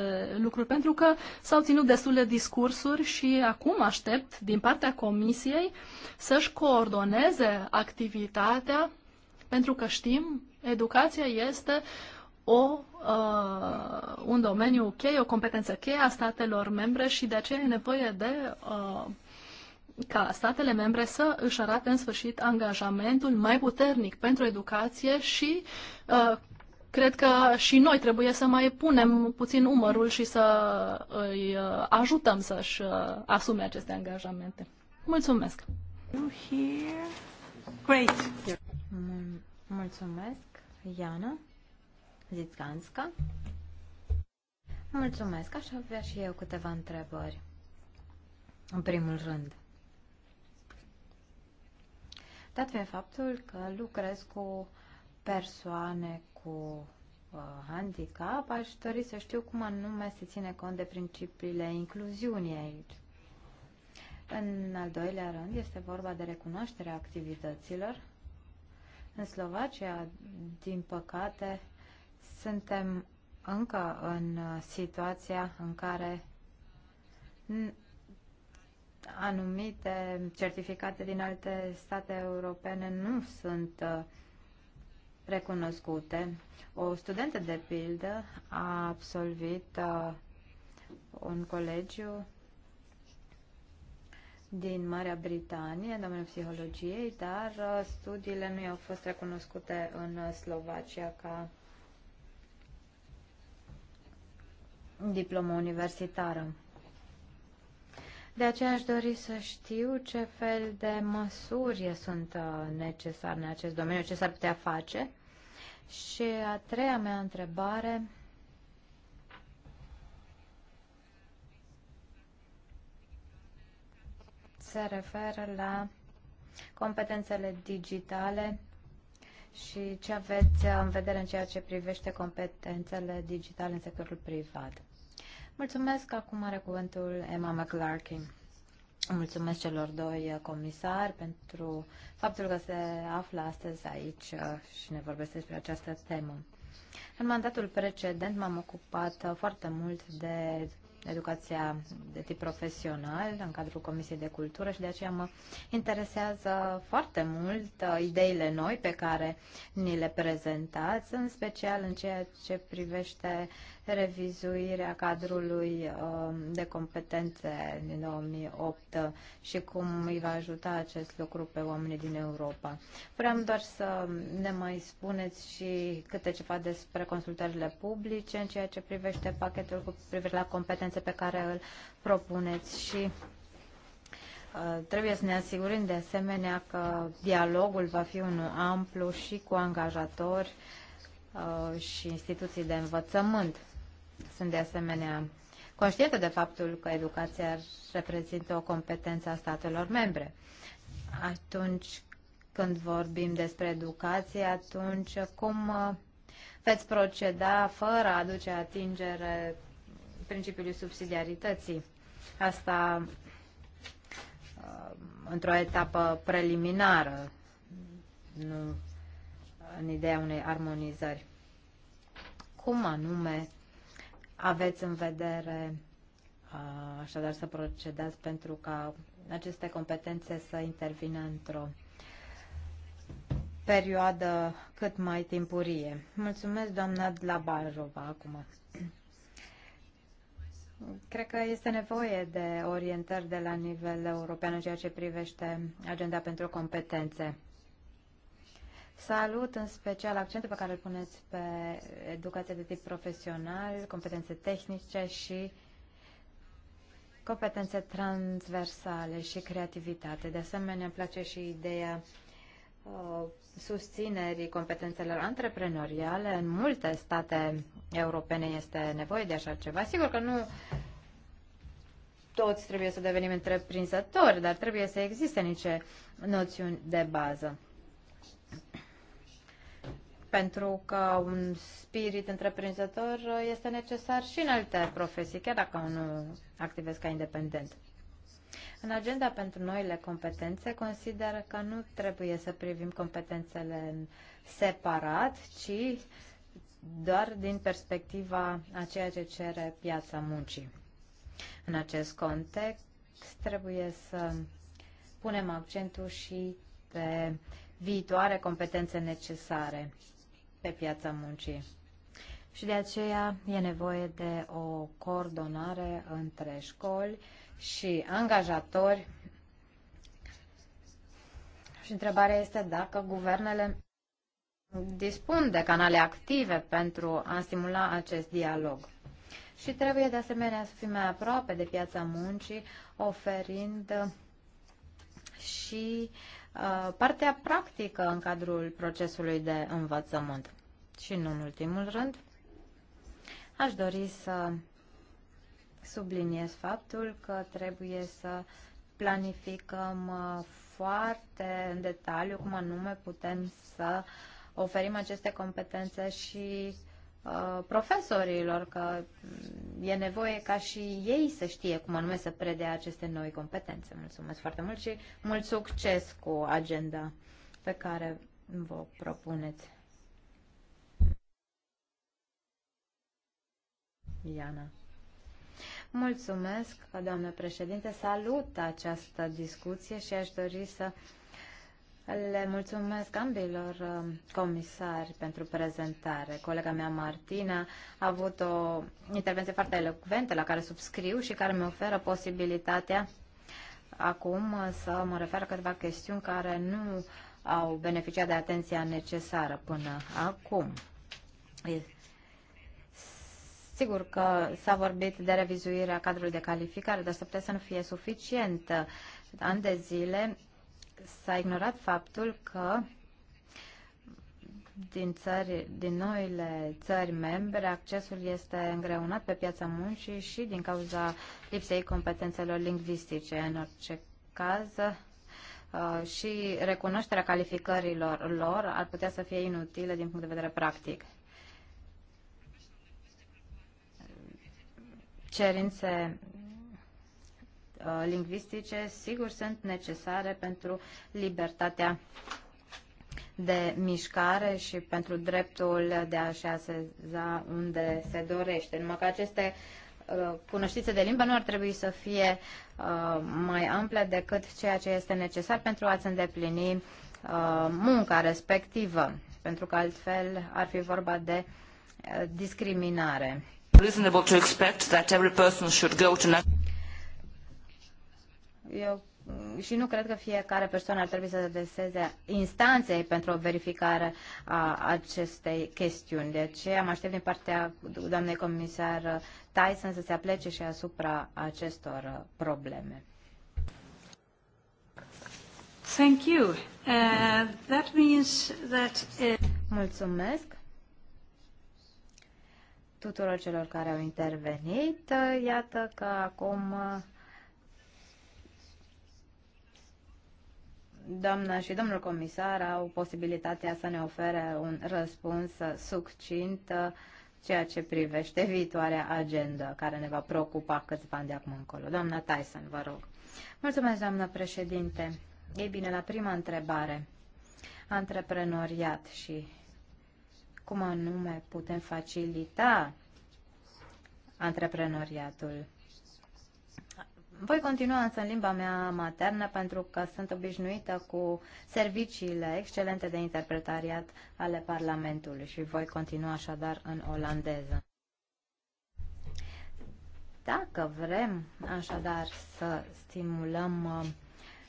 lucruri, pentru că s-au ținut destule discursuri și acum aștept din partea Comisiei să-și coordoneze activitatea, pentru că știm Educația este o, uh, un domeniu cheie, o competență cheie a statelor membre și de aceea e nevoie de uh, ca statele membre să își arate în sfârșit angajamentul mai puternic pentru educație și uh, cred că și noi trebuie să mai punem puțin umărul și să îi uh, ajutăm să-și uh, asume aceste angajamente. Mulțumesc! Mulțumesc! Iana Zitganska. Mulțumesc, aș avea și eu câteva întrebări. În primul rând, dat fiind faptul că lucrez cu persoane cu uh, handicap, aș dori să știu cum anume se ține cont de principiile incluziunii aici. În al doilea rând, este vorba de recunoașterea activităților în Slovacia, din păcate, suntem încă în situația în care anumite certificate din alte state europene nu sunt uh, recunoscute. O studentă, de pildă, a absolvit uh, un colegiu din Marea Britanie, în domeniul psihologiei, dar uh, studiile nu i-au fost recunoscute în uh, Slovacia ca diplomă universitară. De aceea aș dori să știu ce fel de măsuri sunt uh, necesare în acest domeniu, ce s-ar putea face. Și a treia mea întrebare se referă la competențele digitale și ce aveți în vedere în ceea ce privește competențele digitale în sectorul privat. Mulțumesc, acum are cuvântul Emma McLarkin. Mulțumesc celor doi comisari pentru faptul că se află astăzi aici uh, și ne vorbesc despre această temă. În mandatul precedent m-am ocupat uh, foarte mult de educația de tip profesional în cadrul Comisiei de Cultură și de aceea mă interesează foarte mult uh, ideile noi pe care ni le prezentați, în special în ceea ce privește revizuirea cadrului um, de competențe din 2008 și cum îi va ajuta acest lucru pe oamenii din Europa. Vreau doar să ne mai spuneți și câte ceva despre consultările publice în ceea ce privește pachetul cu privire la competențe pe care îl propuneți și uh, Trebuie să ne asigurăm de asemenea că dialogul va fi unul amplu și cu angajatori uh, și instituții de învățământ. Sunt de asemenea conștientă de faptul că educația reprezintă o competență a statelor membre. Atunci când vorbim despre educație, atunci cum uh, veți proceda fără a aduce atingere principiului subsidiarității? Asta uh, într-o etapă preliminară, nu în ideea unei armonizări. Cum anume aveți în vedere uh, așadar să procedați pentru ca aceste competențe să intervină într-o perioadă cât mai timpurie. Mulțumesc, doamna Dlabarova, acum. Cred că este nevoie de orientări de la nivel european în ceea ce privește agenda pentru competențe. Salut în special accentul pe care îl puneți pe educația de tip profesional, competențe tehnice și competențe transversale și creativitate. De asemenea, îmi place și ideea uh, susținerii competențelor antreprenoriale. În multe state europene este nevoie de așa ceva. Sigur că nu toți trebuie să devenim întreprinzători, dar trebuie să existe niște noțiuni de bază pentru că un spirit întreprinzător este necesar și în alte profesii, chiar dacă nu activez ca independent. În agenda pentru noile competențe consider că nu trebuie să privim competențele separat, ci doar din perspectiva a ceea ce cere piața muncii. În acest context trebuie să punem accentul și pe viitoare competențe necesare pe piața muncii. Și de aceea e nevoie de o coordonare între școli și angajatori. Și întrebarea este dacă guvernele dispun de canale active pentru a stimula acest dialog. Și trebuie de asemenea să fim mai aproape de piața muncii, oferind și uh, Uh, partea practică în cadrul procesului de învățământ. Și nu în ultimul rând, aș dori să subliniez faptul că trebuie să planificăm uh, foarte în detaliu cum anume putem să oferim aceste competențe și uh, Uh, profesorilor că e nevoie ca și ei să știe cum anume să predea aceste noi competențe. Mulțumesc foarte mult și mult succes cu agenda pe care vă propuneți. Iana. Mulțumesc, doamnă președinte. Salut această discuție și aș dori să le mulțumesc ambilor uh, comisari pentru prezentare. Colega mea, Martina, a avut o intervenție foarte elocventă la care subscriu și care mi oferă posibilitatea acum uh, să mă refer câteva chestiuni care nu au beneficiat de atenția necesară până acum. Sigur că s-a vorbit de revizuirea cadrului de calificare, dar să putea să nu fie suficient. An de zile s-a ignorat faptul că din, țări, din noile țări membre, accesul este îngreunat pe piața muncii și din cauza lipsei competențelor lingvistice. În orice caz, uh, și recunoașterea calificărilor lor ar putea să fie inutile din punct de vedere practic. Cerințe Uh, lingvistice, sigur, sunt necesare pentru libertatea de mișcare și pentru dreptul de a se aseza unde se dorește. Numai că aceste uh, cunoștințe de limbă nu ar trebui să fie uh, mai ample decât ceea ce este necesar pentru a-ți îndeplini munca respectivă, pentru că altfel ar fi vorba de discriminare. Reasonable to expect that every person should go to eu și nu cred că fiecare persoană ar trebui să deseze instanței pentru o verificare a acestei chestiuni. De aceea mă aștept din partea doamnei comisar Tyson să se aplece și asupra acestor uh, probleme. Thank you. Uh, that means that, uh... Mulțumesc tuturor celor care au intervenit. Iată că acum uh, doamna și domnul comisar au posibilitatea să ne ofere un răspuns succint uh, ceea ce privește viitoarea agenda care ne va preocupa câțiva ani de acum încolo. Doamna Tyson, vă rog. Mulțumesc, doamnă președinte. Ei bine, la prima întrebare, antreprenoriat și cum anume putem facilita antreprenoriatul. Voi continua însă în limba mea maternă pentru că sunt obișnuită cu serviciile excelente de interpretariat ale Parlamentului și voi continua așadar în olandeză. Dacă vrem așadar să stimulăm uh,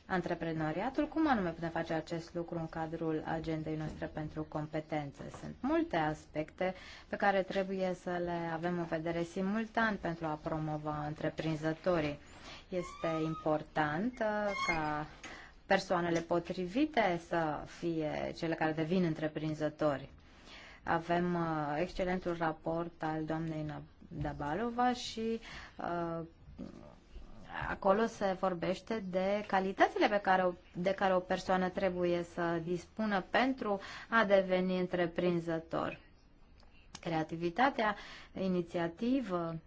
antreprenoriatul, cum anume putem face acest lucru în cadrul agendei noastre pentru competențe? Sunt multe aspecte pe care trebuie să le avem în vedere simultan pentru a promova întreprinzătorii. Este important uh, ca persoanele potrivite să fie cele care devin întreprinzători. Avem uh, excelentul raport al doamnei Dabalova și uh, acolo se vorbește de calitățile pe care o, de care o persoană trebuie să dispună pentru a deveni întreprinzător. Creativitatea, inițiativă,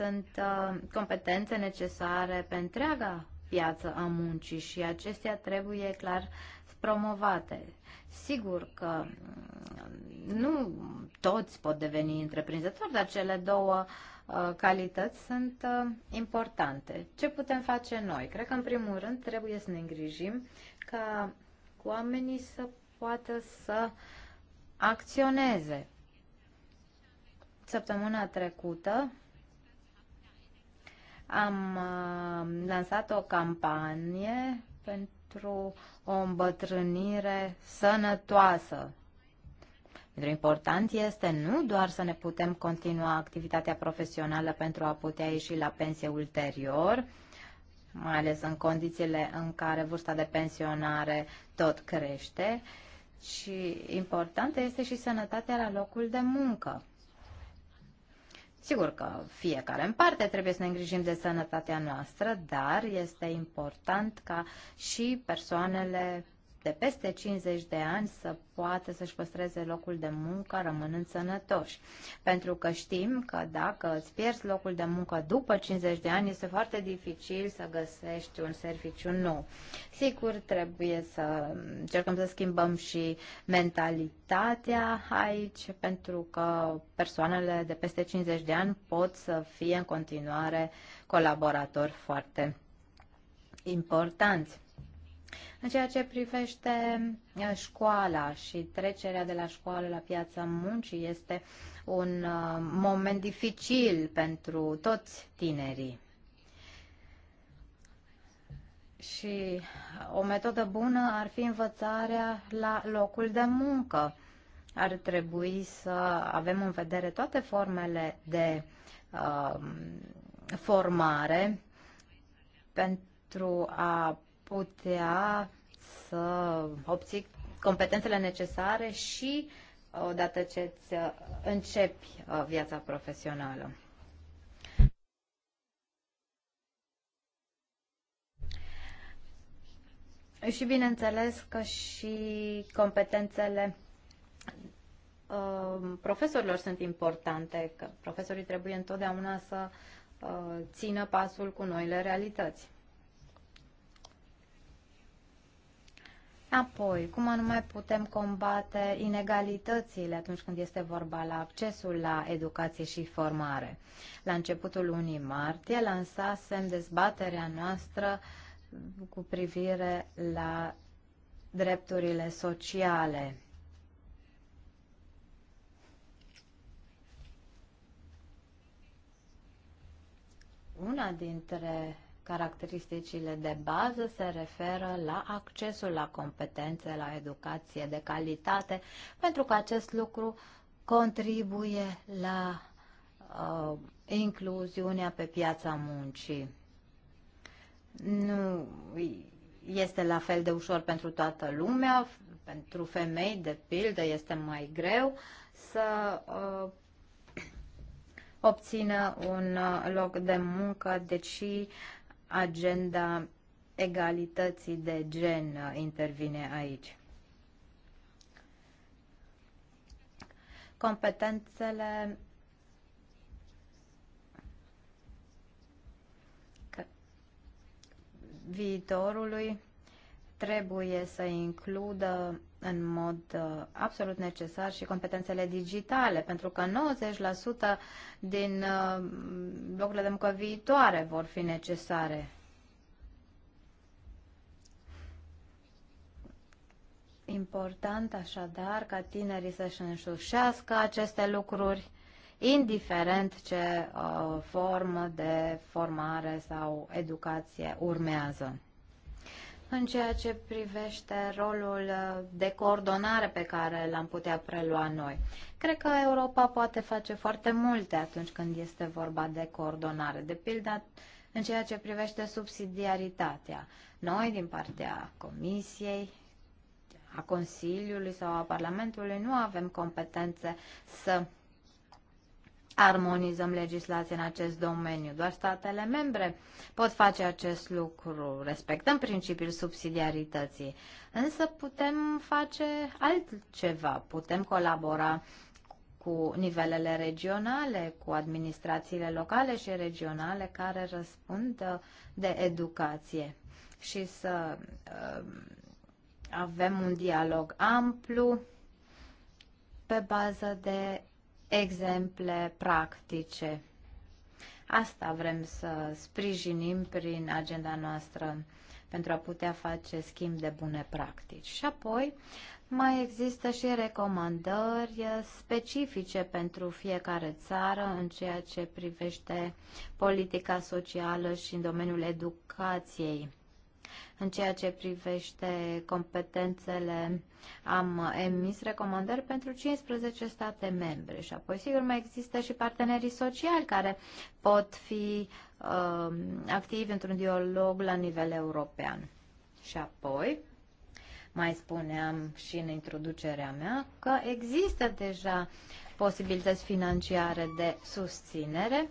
sunt uh, competențe necesare pe întreaga piață a muncii și acestea trebuie clar promovate. Sigur că mm, nu toți pot deveni întreprinzători, dar cele două uh, calități sunt uh, importante. Ce putem face noi? Cred că, în primul rând, trebuie să ne îngrijim ca oamenii să poată să acționeze. Săptămâna trecută am uh, lansat o campanie pentru o îmbătrânire sănătoasă. Pentru important este nu doar să ne putem continua activitatea profesională pentru a putea ieși la pensie ulterior, mai ales în condițiile în care vârsta de pensionare tot crește, și importantă este și sănătatea la locul de muncă. Sigur că fiecare în parte trebuie să ne îngrijim de sănătatea noastră, dar este important ca și persoanele de peste 50 de ani să poată să-și păstreze locul de muncă rămânând sănătoși. Pentru că știm că dacă îți pierzi locul de muncă după 50 de ani, este foarte dificil să găsești un serviciu nou. Sigur, trebuie să încercăm să schimbăm și mentalitatea aici, pentru că persoanele de peste 50 de ani pot să fie în continuare colaboratori foarte importanți. În ceea ce privește uh, școala și trecerea de la școală la piața muncii este un uh, moment dificil pentru toți tinerii. Și o metodă bună ar fi învățarea la locul de muncă. Ar trebui să avem în vedere toate formele de uh, formare pentru a putea să obții competențele necesare și uh, odată ce îți uh, începi uh, viața profesională. Și bineînțeles că și competențele uh, profesorilor sunt importante, că profesorii trebuie întotdeauna să uh, țină pasul cu noile realități. Apoi, cum anume putem combate inegalitățile atunci când este vorba la accesul la educație și formare? La începutul lunii martie lansasem dezbaterea noastră cu privire la drepturile sociale. Una dintre Caracteristicile de bază se referă la accesul la competențe, la educație de calitate, pentru că acest lucru contribuie la uh, incluziunea pe piața muncii. Nu este la fel de ușor pentru toată lumea, pentru femei, de pildă, este mai greu să uh, obțină un uh, loc de muncă, deci agenda egalității de gen uh, intervine aici. Competențele viitorului trebuie să includă în mod uh, absolut necesar și competențele digitale, pentru că 90% din uh, locurile de muncă viitoare vor fi necesare. Important așadar ca tinerii să-și înșușească aceste lucruri, indiferent ce uh, formă de formare sau educație urmează în ceea ce privește rolul uh, de coordonare pe care l-am putea prelua noi. Cred că Europa poate face foarte multe atunci când este vorba de coordonare, de pildă în ceea ce privește subsidiaritatea. Noi, din partea Comisiei, a Consiliului sau a Parlamentului, nu avem competențe să armonizăm legislația în acest domeniu. Doar statele membre pot face acest lucru. Respectăm principiul subsidiarității, însă putem face altceva. Putem colabora cu nivelele regionale, cu administrațiile locale și regionale care răspund uh, de educație și să uh, avem un dialog amplu pe bază de exemple practice. Asta vrem să sprijinim prin agenda noastră pentru a putea face schimb de bune practici. Și apoi mai există și recomandări specifice pentru fiecare țară în ceea ce privește politica socială și în domeniul educației. În ceea ce privește competențele, am emis recomandări pentru 15 state membre și apoi, sigur, mai există și partenerii sociali care pot fi uh, activi într-un dialog la nivel european. Și apoi, mai spuneam și în introducerea mea, că există deja posibilități financiare de susținere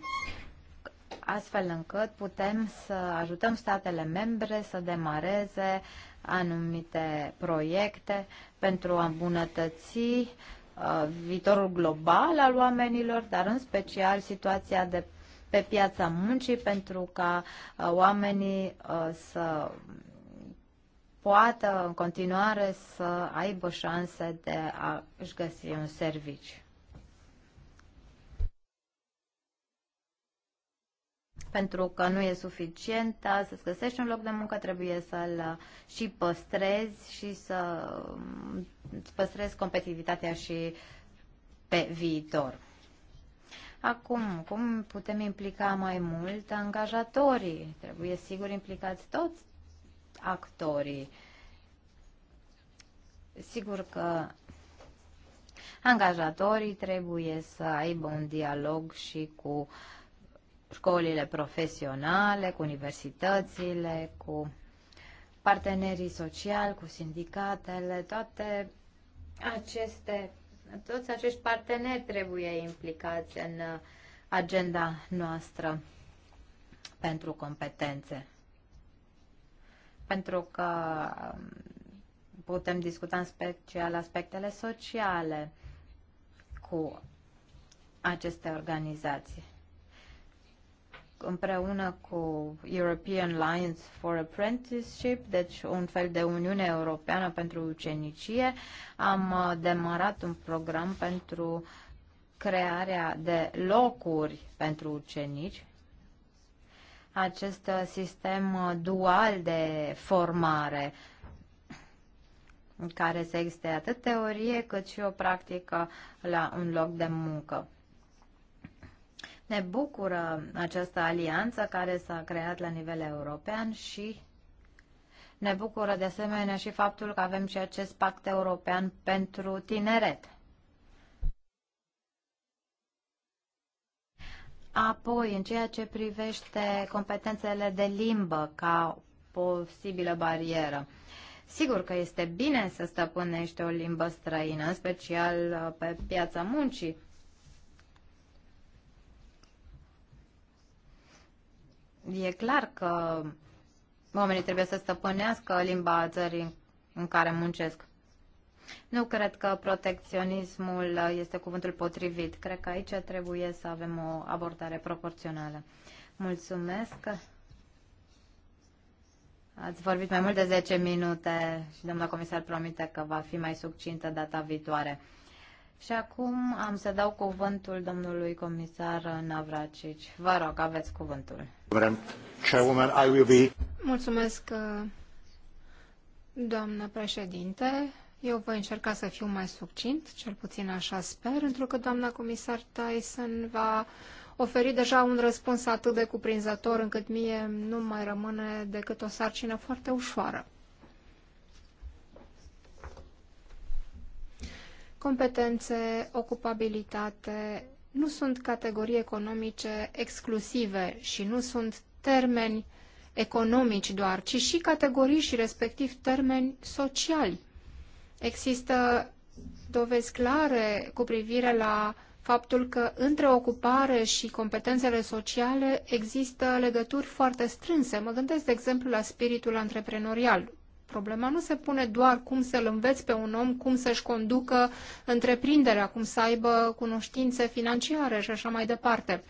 astfel încât putem să ajutăm statele membre să demareze anumite proiecte pentru a îmbunătăți uh, viitorul global al oamenilor, dar în special situația de pe piața muncii pentru ca uh, oamenii uh, să poată în continuare să aibă șanse de a-și găsi un serviciu. pentru că nu e suficient să-ți găsești un loc de muncă, trebuie să-l și păstrezi și să um, păstrezi competitivitatea și pe viitor. Acum, cum putem implica mai mult angajatorii? Trebuie sigur implicați toți actorii. Sigur că angajatorii trebuie să aibă un dialog și cu uh, școlile profesionale, cu universitățile, cu partenerii sociali, cu sindicatele, toate aceste, toți acești parteneri trebuie implicați în agenda noastră pentru competențe. Pentru că putem discuta în special aspectele sociale cu aceste organizații împreună cu European Alliance for Apprenticeship, deci un fel de Uniune Europeană pentru ucenicie, am uh, demarat un program pentru crearea de locuri pentru ucenici. Acest uh, sistem uh, dual de formare în care să existe atât teorie cât și o practică la un loc de muncă. Ne bucură această alianță care s-a creat la nivel european și ne bucură de asemenea și faptul că avem și acest pact european pentru tineret. Apoi, în ceea ce privește competențele de limbă ca posibilă barieră, sigur că este bine să stăpânești o limbă străină, în special pe piața muncii, e clar că oamenii trebuie să stăpânească limba țării în care muncesc. Nu cred că protecționismul este cuvântul potrivit. Cred că aici trebuie să avem o abordare proporțională. Mulțumesc. Ați vorbit mai mult de 10 minute și doamna comisar promite că va fi mai succintă data viitoare. Și acum am să dau cuvântul domnului comisar Navracici. Vă rog, aveți cuvântul. Chairwoman, I will be... Mulțumesc, uh, doamnă președinte. Eu voi încerca să fiu mai succint, cel puțin așa sper, pentru că doamna comisar Tyson va oferi deja un răspuns atât de cuprinzător încât mie nu mai rămâne decât o sarcină foarte ușoară. competențe, ocupabilitate, nu sunt categorii economice exclusive și nu sunt termeni economici doar, ci și categorii și respectiv termeni sociali. Există dovezi clare cu privire la faptul că între ocupare și competențele sociale există legături foarte strânse. Mă gândesc, de exemplu, la spiritul antreprenorial, Problema nu se pune doar cum să-l înveți pe un om, cum să-și conducă întreprinderea, cum să aibă cunoștințe financiare și așa mai departe.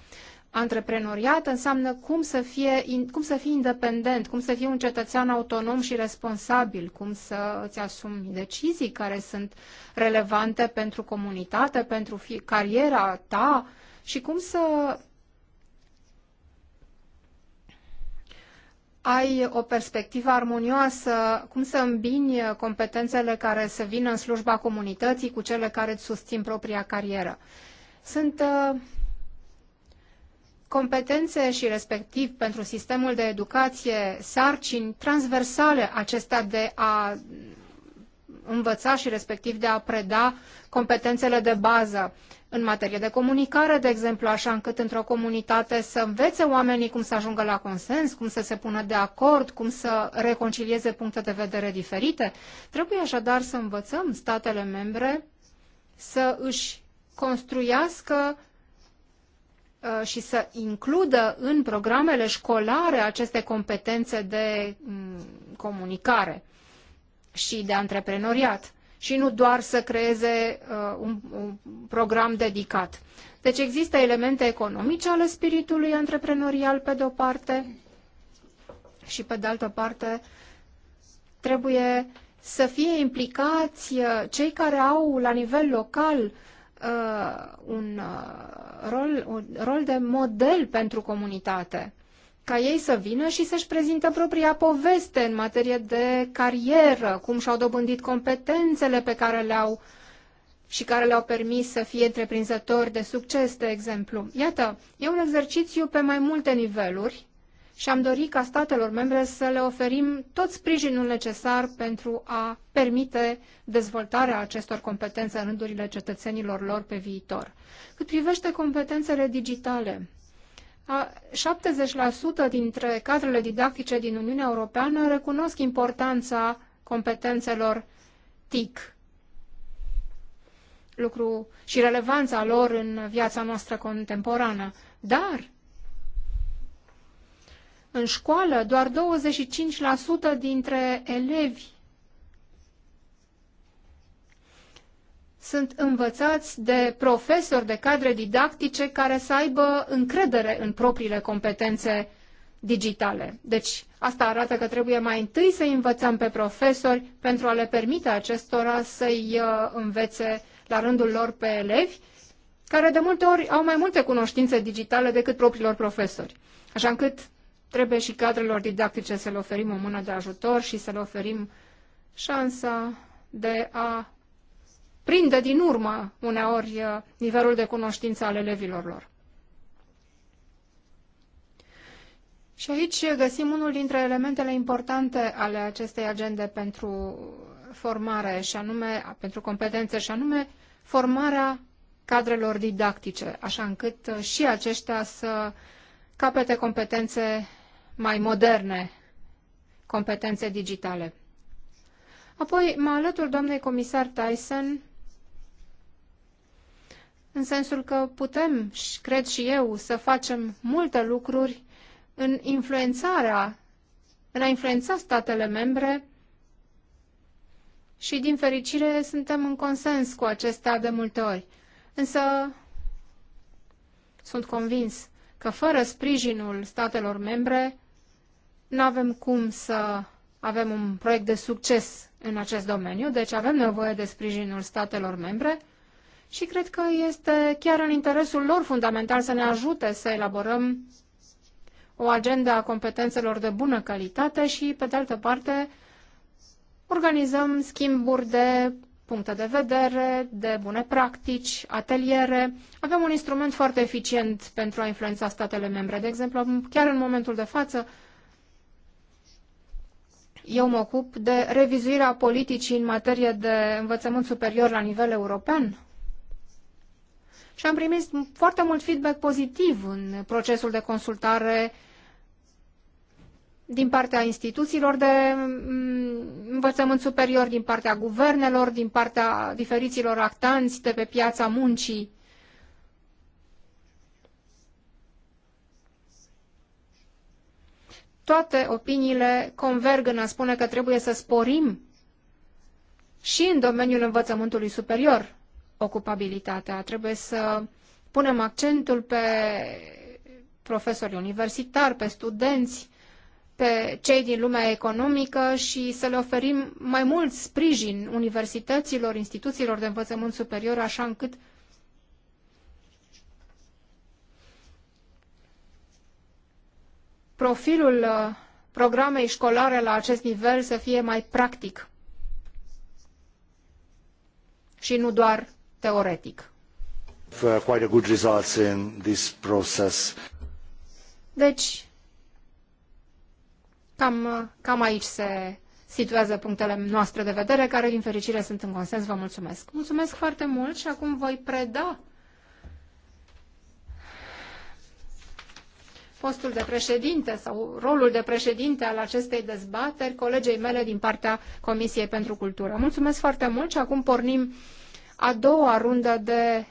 Antreprenoriat înseamnă cum să, fie, cum să fii independent, cum să fii un cetățean autonom și responsabil, cum să îți asumi decizii care sunt relevante pentru comunitate, pentru cariera ta și cum să ai o perspectivă armonioasă, cum să îmbini competențele care să vină în slujba comunității cu cele care îți susțin propria carieră. Sunt uh, competențe și respectiv pentru sistemul de educație sarcini transversale acestea de a învăța și respectiv de a preda competențele de bază în materie de comunicare, de exemplu, așa încât într-o comunitate să învețe oamenii cum să ajungă la consens, cum să se pună de acord, cum să reconcilieze puncte de vedere diferite. Trebuie așadar să învățăm statele membre să își construiască uh, și să includă în programele școlare aceste competențe de mm, comunicare și de antreprenoriat și nu doar să creeze uh, un, un program dedicat. Deci există elemente economice ale spiritului antreprenorial pe de o parte și pe de altă parte trebuie să fie implicați uh, cei care au la nivel local uh, un, uh, rol, un rol de model pentru comunitate ca ei să vină și să-și prezintă propria poveste în materie de carieră, cum și-au dobândit competențele pe care le-au și care le-au permis să fie întreprinzători de succes, de exemplu. Iată, e un exercițiu pe mai multe niveluri și am dorit ca statelor membre să le oferim tot sprijinul necesar pentru a permite dezvoltarea acestor competențe în rândurile cetățenilor lor pe viitor. Cât privește competențele digitale, 70% dintre cadrele didactice din Uniunea Europeană recunosc importanța competențelor TIC lucru și relevanța lor în viața noastră contemporană. Dar în școală doar 25% dintre elevi sunt învățați de profesori, de cadre didactice care să aibă încredere în propriile competențe digitale. Deci asta arată că trebuie mai întâi să învățăm pe profesori pentru a le permite acestora să-i uh, învețe la rândul lor pe elevi, care de multe ori au mai multe cunoștințe digitale decât propriilor profesori. Așa încât trebuie și cadrelor didactice să le oferim o mână de ajutor și să le oferim șansa de a prinde din urmă uneori uh, nivelul de cunoștință al elevilor lor. Și aici găsim unul dintre elementele importante ale acestei agende pentru formare și anume, pentru competențe și anume formarea cadrelor didactice, așa încât uh, și aceștia să capete competențe mai moderne, competențe digitale. Apoi mă alătur doamnei comisar Tyson în sensul că putem, și cred și eu, să facem multe lucruri în influențarea, în a influența statele membre și, din fericire, suntem în consens cu acesta de multe ori. Însă, sunt convins că fără sprijinul statelor membre nu avem cum să avem un proiect de succes în acest domeniu, deci avem nevoie de sprijinul statelor membre și cred că este chiar în interesul lor fundamental să ne ajute să elaborăm o agendă a competențelor de bună calitate și, pe de altă parte, organizăm schimburi de puncte de vedere, de bune practici, ateliere. Avem un instrument foarte eficient pentru a influența statele membre. De exemplu, chiar în momentul de față, eu mă ocup de revizuirea politicii în materie de învățământ superior la nivel european și am primit foarte mult feedback pozitiv în procesul de consultare din partea instituțiilor de mm, învățământ superior, din partea guvernelor, din partea diferiților actanți de pe piața muncii. Toate opiniile converg în a spune că trebuie să sporim și în domeniul învățământului superior ocupabilitatea. Trebuie să punem accentul pe profesori universitari, pe studenți, pe cei din lumea economică și să le oferim mai mult sprijin universităților, instituțiilor de învățământ superior, așa încât profilul uh, programei școlare la acest nivel să fie mai practic și nu doar teoretic. Deci, cam, cam aici se situează punctele noastre de vedere, care, din fericire, sunt în consens. Vă mulțumesc. Mulțumesc foarte mult și acum voi preda postul de președinte sau rolul de președinte al acestei dezbateri colegei mele din partea Comisiei pentru Cultură. Mulțumesc foarte mult și acum pornim a doua rundă de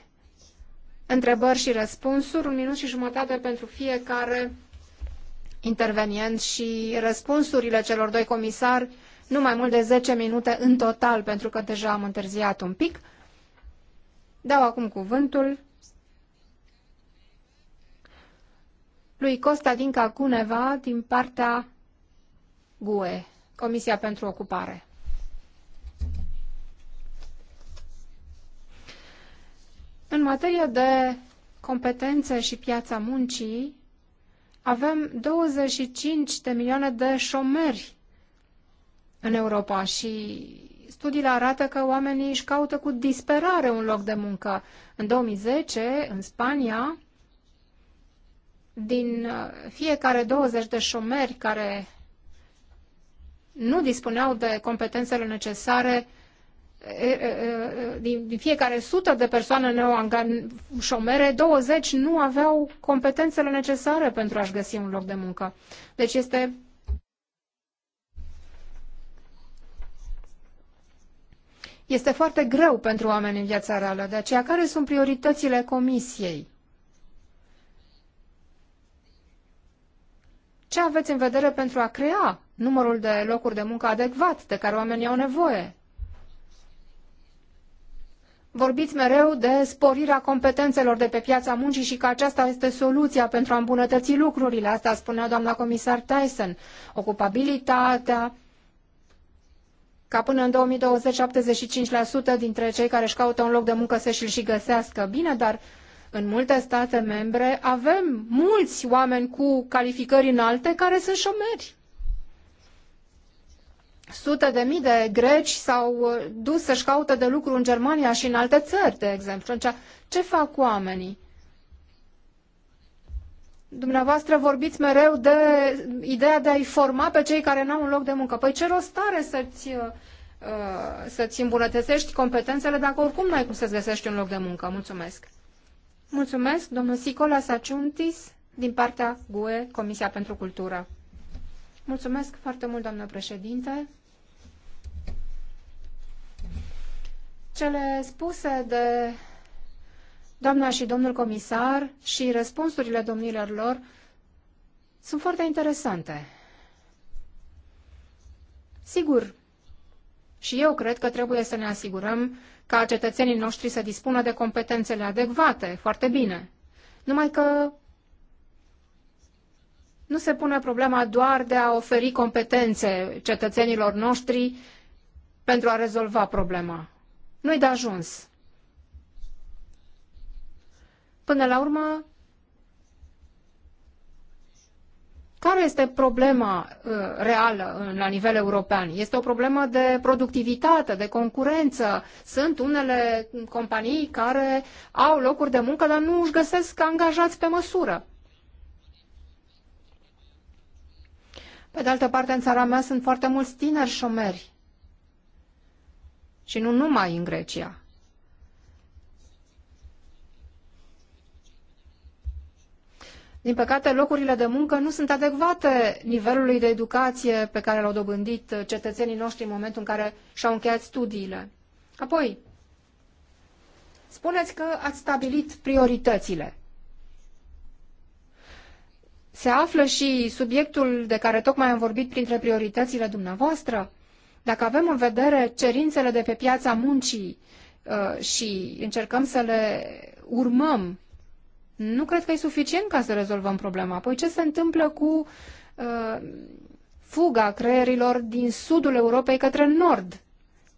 întrebări și răspunsuri, un minut și jumătate pentru fiecare intervenient și răspunsurile celor doi comisari, nu mai mult de zece minute în total, pentru că deja am întârziat un pic. Dau acum cuvântul lui Costa din Cuneva din partea GUE, Comisia pentru Ocupare. În materie de competențe și piața muncii, avem 25 de milioane de șomeri în Europa și studiile arată că oamenii își caută cu disperare un loc de muncă. În 2010, în Spania, din uh, fiecare 20 de șomeri care nu dispuneau de competențele necesare, din fiecare sută de persoane neoangașomere, 20 nu aveau competențele necesare pentru a-și găsi un loc de muncă. Deci este Este foarte greu pentru oameni în viața reală, de aceea care sunt prioritățile comisiei? Ce aveți în vedere pentru a crea numărul de locuri de muncă adecvat de care oamenii au nevoie? Vorbiți mereu de sporirea competențelor de pe piața muncii și că aceasta este soluția pentru a îmbunătăți lucrurile. Asta spunea doamna comisar Tyson. Ocupabilitatea, ca până în 2020 75% dintre cei care își caută un loc de muncă să și-l și găsească. Bine, dar în multe state membre avem mulți oameni cu calificări înalte care sunt șomeri. Sute de mii de greci s-au uh, dus să-și caute de lucru în Germania și în alte țări, de exemplu. Ce fac oamenii? Dumneavoastră vorbiți mereu de ideea de a-i forma pe cei care n-au un loc de muncă. Păi ce rost are să-ți uh, uh, să-ți îmbunătățești competențele dacă oricum n-ai cum să-ți găsești un loc de muncă. Mulțumesc. Mulțumesc, domnul Sicola Saciuntis, din partea GUE, Comisia pentru Cultură. Mulțumesc foarte mult, doamnă președinte. Cele spuse de doamna și domnul comisar și răspunsurile domnilor lor sunt foarte interesante. Sigur, și eu cred că trebuie să ne asigurăm ca cetățenii noștri să dispună de competențele adecvate, foarte bine. Numai că nu se pune problema doar de a oferi competențe cetățenilor noștri pentru a rezolva problema nu-i de ajuns. Până la urmă, care este problema uh, reală la nivel european? Este o problemă de productivitate, de concurență. Sunt unele companii care au locuri de muncă, dar nu își găsesc angajați pe măsură. Pe de altă parte, în țara mea sunt foarte mulți tineri șomeri și nu numai în Grecia. Din păcate, locurile de muncă nu sunt adecvate nivelului de educație pe care l-au dobândit cetățenii noștri în momentul în care și-au încheiat studiile. Apoi, spuneți că ați stabilit prioritățile. Se află și subiectul de care tocmai am vorbit printre prioritățile dumneavoastră? Dacă avem în vedere cerințele de pe piața muncii uh, și încercăm să le urmăm, nu cred că e suficient ca să rezolvăm problema. Apoi ce se întâmplă cu uh, fuga creierilor din sudul Europei către nord?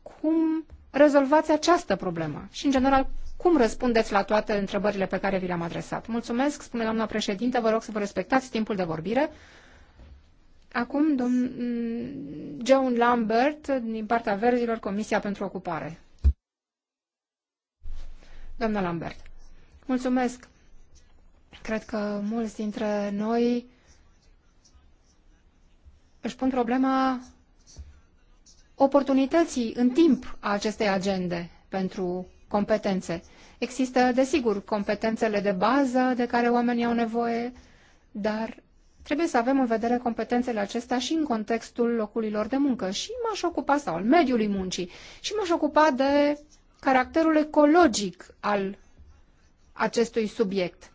Cum rezolvați această problemă? Și, în general, cum răspundeți la toate întrebările pe care vi le-am adresat? Mulțumesc, spune doamna președintă, vă rog să vă respectați timpul de vorbire. Acum, domn John Lambert, din partea verzilor, Comisia pentru Ocupare. Doamna Lambert, mulțumesc. Cred că mulți dintre noi își pun problema oportunității în timp a acestei agende pentru competențe. Există, desigur, competențele de bază de care oamenii au nevoie, dar Trebuie să avem în vedere competențele acestea și în contextul locurilor de muncă și m-aș ocupa, sau al mediului muncii, și m-aș ocupa de caracterul ecologic al acestui subiect.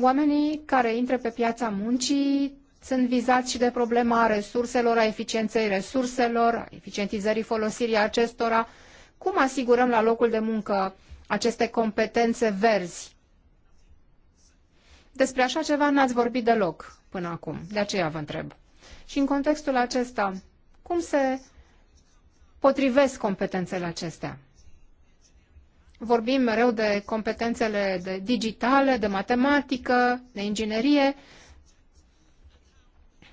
Oamenii care intră pe piața muncii sunt vizați și de problema resurselor, a eficienței resurselor, a eficientizării folosirii acestora. Cum asigurăm la locul de muncă aceste competențe verzi. Despre așa ceva n-ați vorbit deloc până acum, de aceea vă întreb. Și în contextul acesta, cum se potrivesc competențele acestea? Vorbim mereu de competențele de digitale, de matematică, de inginerie,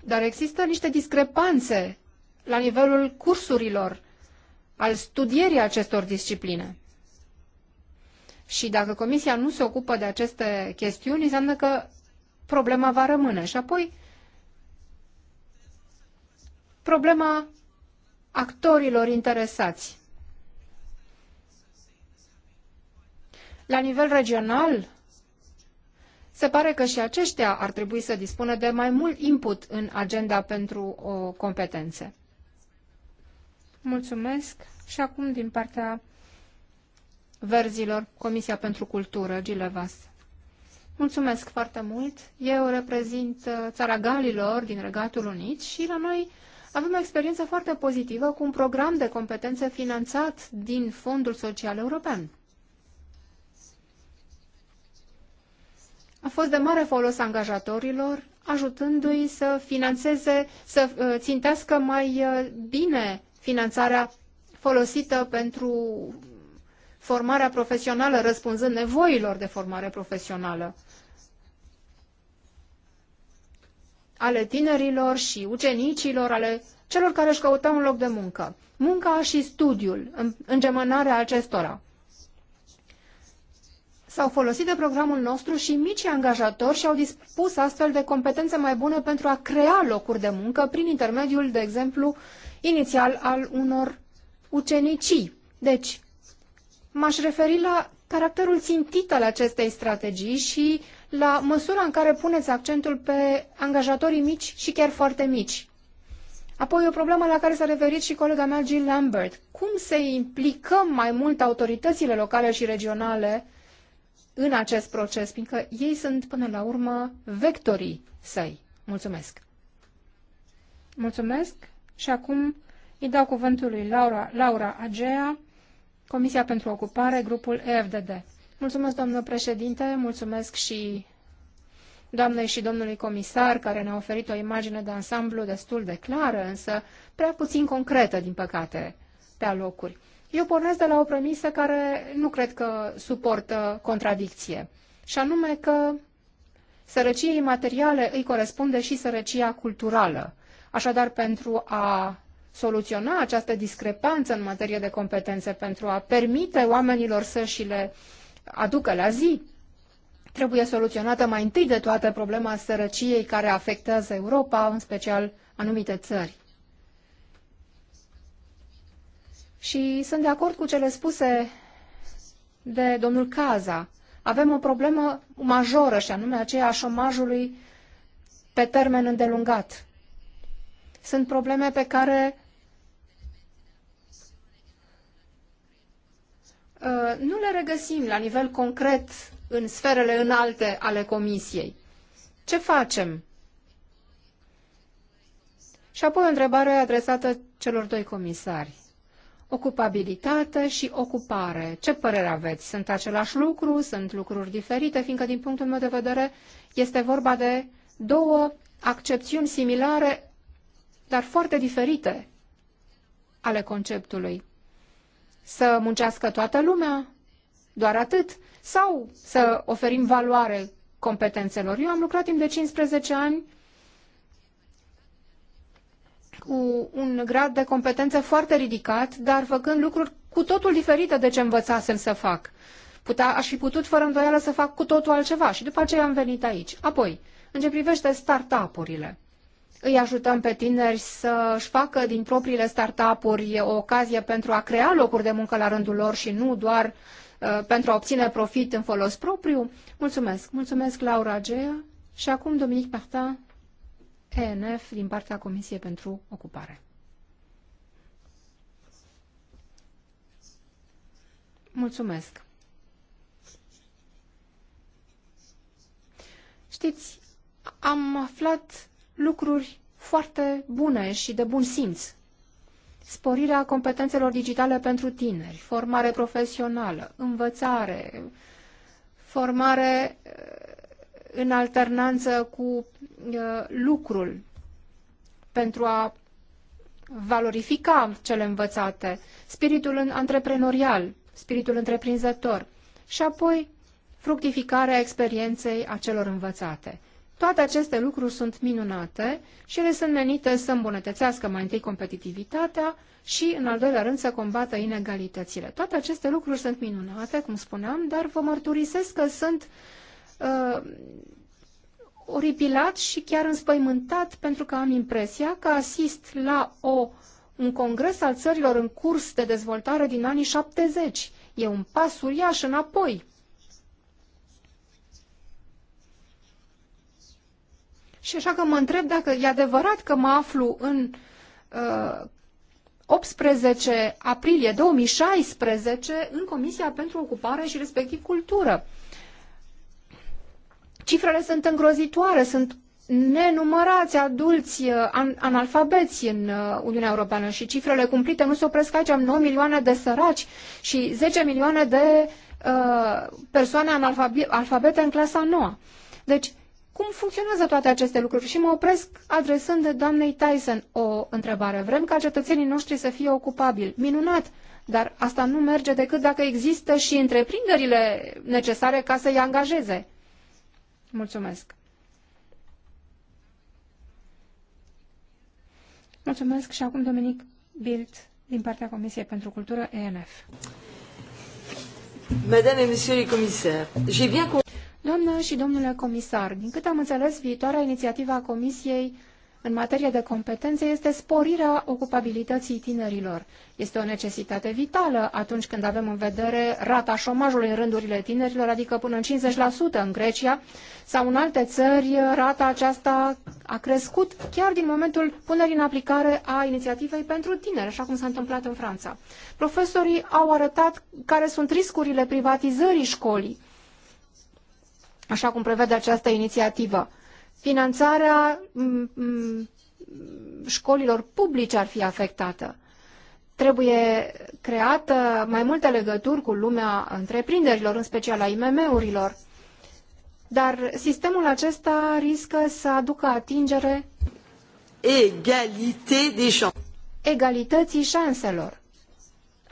dar există niște discrepanțe la nivelul cursurilor, al studierii acestor discipline. Și dacă Comisia nu se ocupă de aceste chestiuni, înseamnă că problema va rămâne. Și apoi, problema actorilor interesați. La nivel regional, se pare că și aceștia ar trebui să dispună de mai mult input în agenda pentru o competențe. Mulțumesc și acum din partea Verzilor, Comisia pentru Cultură, Gilevas. Mulțumesc foarte mult. Eu reprezint uh, țara Galilor din Regatul Unit și la noi avem o experiență foarte pozitivă cu un program de competențe finanțat din Fondul Social European. A fost de mare folos angajatorilor, ajutându-i să finanțeze, să uh, țintească mai uh, bine finanțarea folosită pentru formarea profesională răspunzând nevoilor de formare profesională ale tinerilor și ucenicilor, ale celor care își căutau un loc de muncă. Munca și studiul, îngemânarea acestora. S-au folosit de programul nostru și micii angajatori și au dispus astfel de competențe mai bune pentru a crea locuri de muncă prin intermediul, de exemplu, inițial al unor ucenicii. Deci, m-aș referi la caracterul țintit al acestei strategii și la măsura în care puneți accentul pe angajatorii mici și chiar foarte mici. Apoi o problemă la care s-a referit și colega mea Jill Lambert. Cum să implicăm mai mult autoritățile locale și regionale în acest proces, fiindcă ei sunt până la urmă vectorii săi. Mulțumesc! Mulțumesc și acum îi dau cuvântul lui Laura, Laura Agea, Comisia pentru Ocupare, grupul EFDD. Mulțumesc, doamnă președinte, mulțumesc și doamnei și domnului comisar, care ne-a oferit o imagine de ansamblu destul de clară, însă prea puțin concretă, din păcate, pe alocuri. Eu pornesc de la o premisă care nu cred că suportă contradicție, și anume că sărăciei materiale îi corespunde și sărăcia culturală. Așadar, pentru a soluționa această discrepanță în materie de competențe, pentru a permite oamenilor să și le aducă la zi. Trebuie soluționată mai întâi de toate problema sărăciei care afectează Europa, în special anumite țări. Și sunt de acord cu cele spuse de domnul Caza. Avem o problemă majoră și anume aceea a șomajului pe termen îndelungat. Sunt probleme pe care Uh, nu le regăsim la nivel concret în sferele înalte ale comisiei. Ce facem? Și apoi o întrebare adresată celor doi comisari. Ocupabilitate și ocupare. Ce părere aveți? Sunt același lucru? Sunt lucruri diferite? Fiindcă, din punctul meu de vedere, este vorba de două accepțiuni similare, dar foarte diferite ale conceptului să muncească toată lumea, doar atât, sau să oferim valoare competențelor. Eu am lucrat timp de 15 ani cu un grad de competență foarte ridicat, dar făcând lucruri cu totul diferite de ce învățasem să fac. Putea, aș fi putut fără îndoială să fac cu totul altceva și după aceea am venit aici. Apoi, în ce privește start-up-urile, îi ajutăm pe tineri să-și facă din propriile startup-uri o ocazie pentru a crea locuri de muncă la rândul lor și nu doar uh, pentru a obține profit în folos propriu. Mulțumesc! Mulțumesc, Laura Gea. Și acum, Dominic Parta, ENF, din partea Comisiei pentru Ocupare. Mulțumesc! Știți, am aflat lucruri foarte bune și de bun simț. Sporirea competențelor digitale pentru tineri, formare profesională, învățare, formare uh, în alternanță cu uh, lucrul pentru a valorifica cele învățate, spiritul antreprenorial, spiritul întreprinzător și apoi fructificarea experienței acelor învățate. Toate aceste lucruri sunt minunate și ele sunt menite să îmbunătățească mai întâi competitivitatea și, în al doilea rând, să combată inegalitățile. Toate aceste lucruri sunt minunate, cum spuneam, dar vă mărturisesc că sunt uh, oripilat și chiar înspăimântat pentru că am impresia că asist la o, un congres al țărilor în curs de dezvoltare din anii 70. E un pas uriaș înapoi și așa că mă întreb dacă e adevărat că mă aflu în uh, 18 aprilie 2016 în Comisia pentru Ocupare și respectiv Cultură. Cifrele sunt îngrozitoare, sunt nenumărați adulți uh, analfabeți în uh, Uniunea Europeană și cifrele cumplite nu se opresc aici, am 9 milioane de săraci și 10 milioane de uh, persoane analfabete în clasa 9. Deci, cum funcționează toate aceste lucruri și mă opresc adresând de doamnei Tyson o întrebare. Vrem ca cetățenii noștri să fie ocupabili. Minunat! Dar asta nu merge decât dacă există și întreprinderile necesare ca să-i angajeze. Mulțumesc! Mulțumesc și acum Dominic Bilt din partea Comisiei pentru Cultură ENF. Madame et Monsieur les commissaires, j'ai bien compris. Doamnă și domnule comisar, din câte am înțeles, viitoarea inițiativă a Comisiei în materie de competențe este sporirea ocupabilității tinerilor. Este o necesitate vitală atunci când avem în vedere rata șomajului în rândurile tinerilor, adică până în 50% în Grecia sau în alte țări, rata aceasta a crescut chiar din momentul punerii în aplicare a inițiativei pentru tineri, așa cum s-a întâmplat în Franța. Profesorii au arătat care sunt riscurile privatizării școlii așa cum prevede această inițiativă. Finanțarea școlilor publice ar fi afectată. Trebuie creată mai multe legături cu lumea întreprinderilor, în special a IMM-urilor. Dar sistemul acesta riscă să aducă atingere egalității șanselor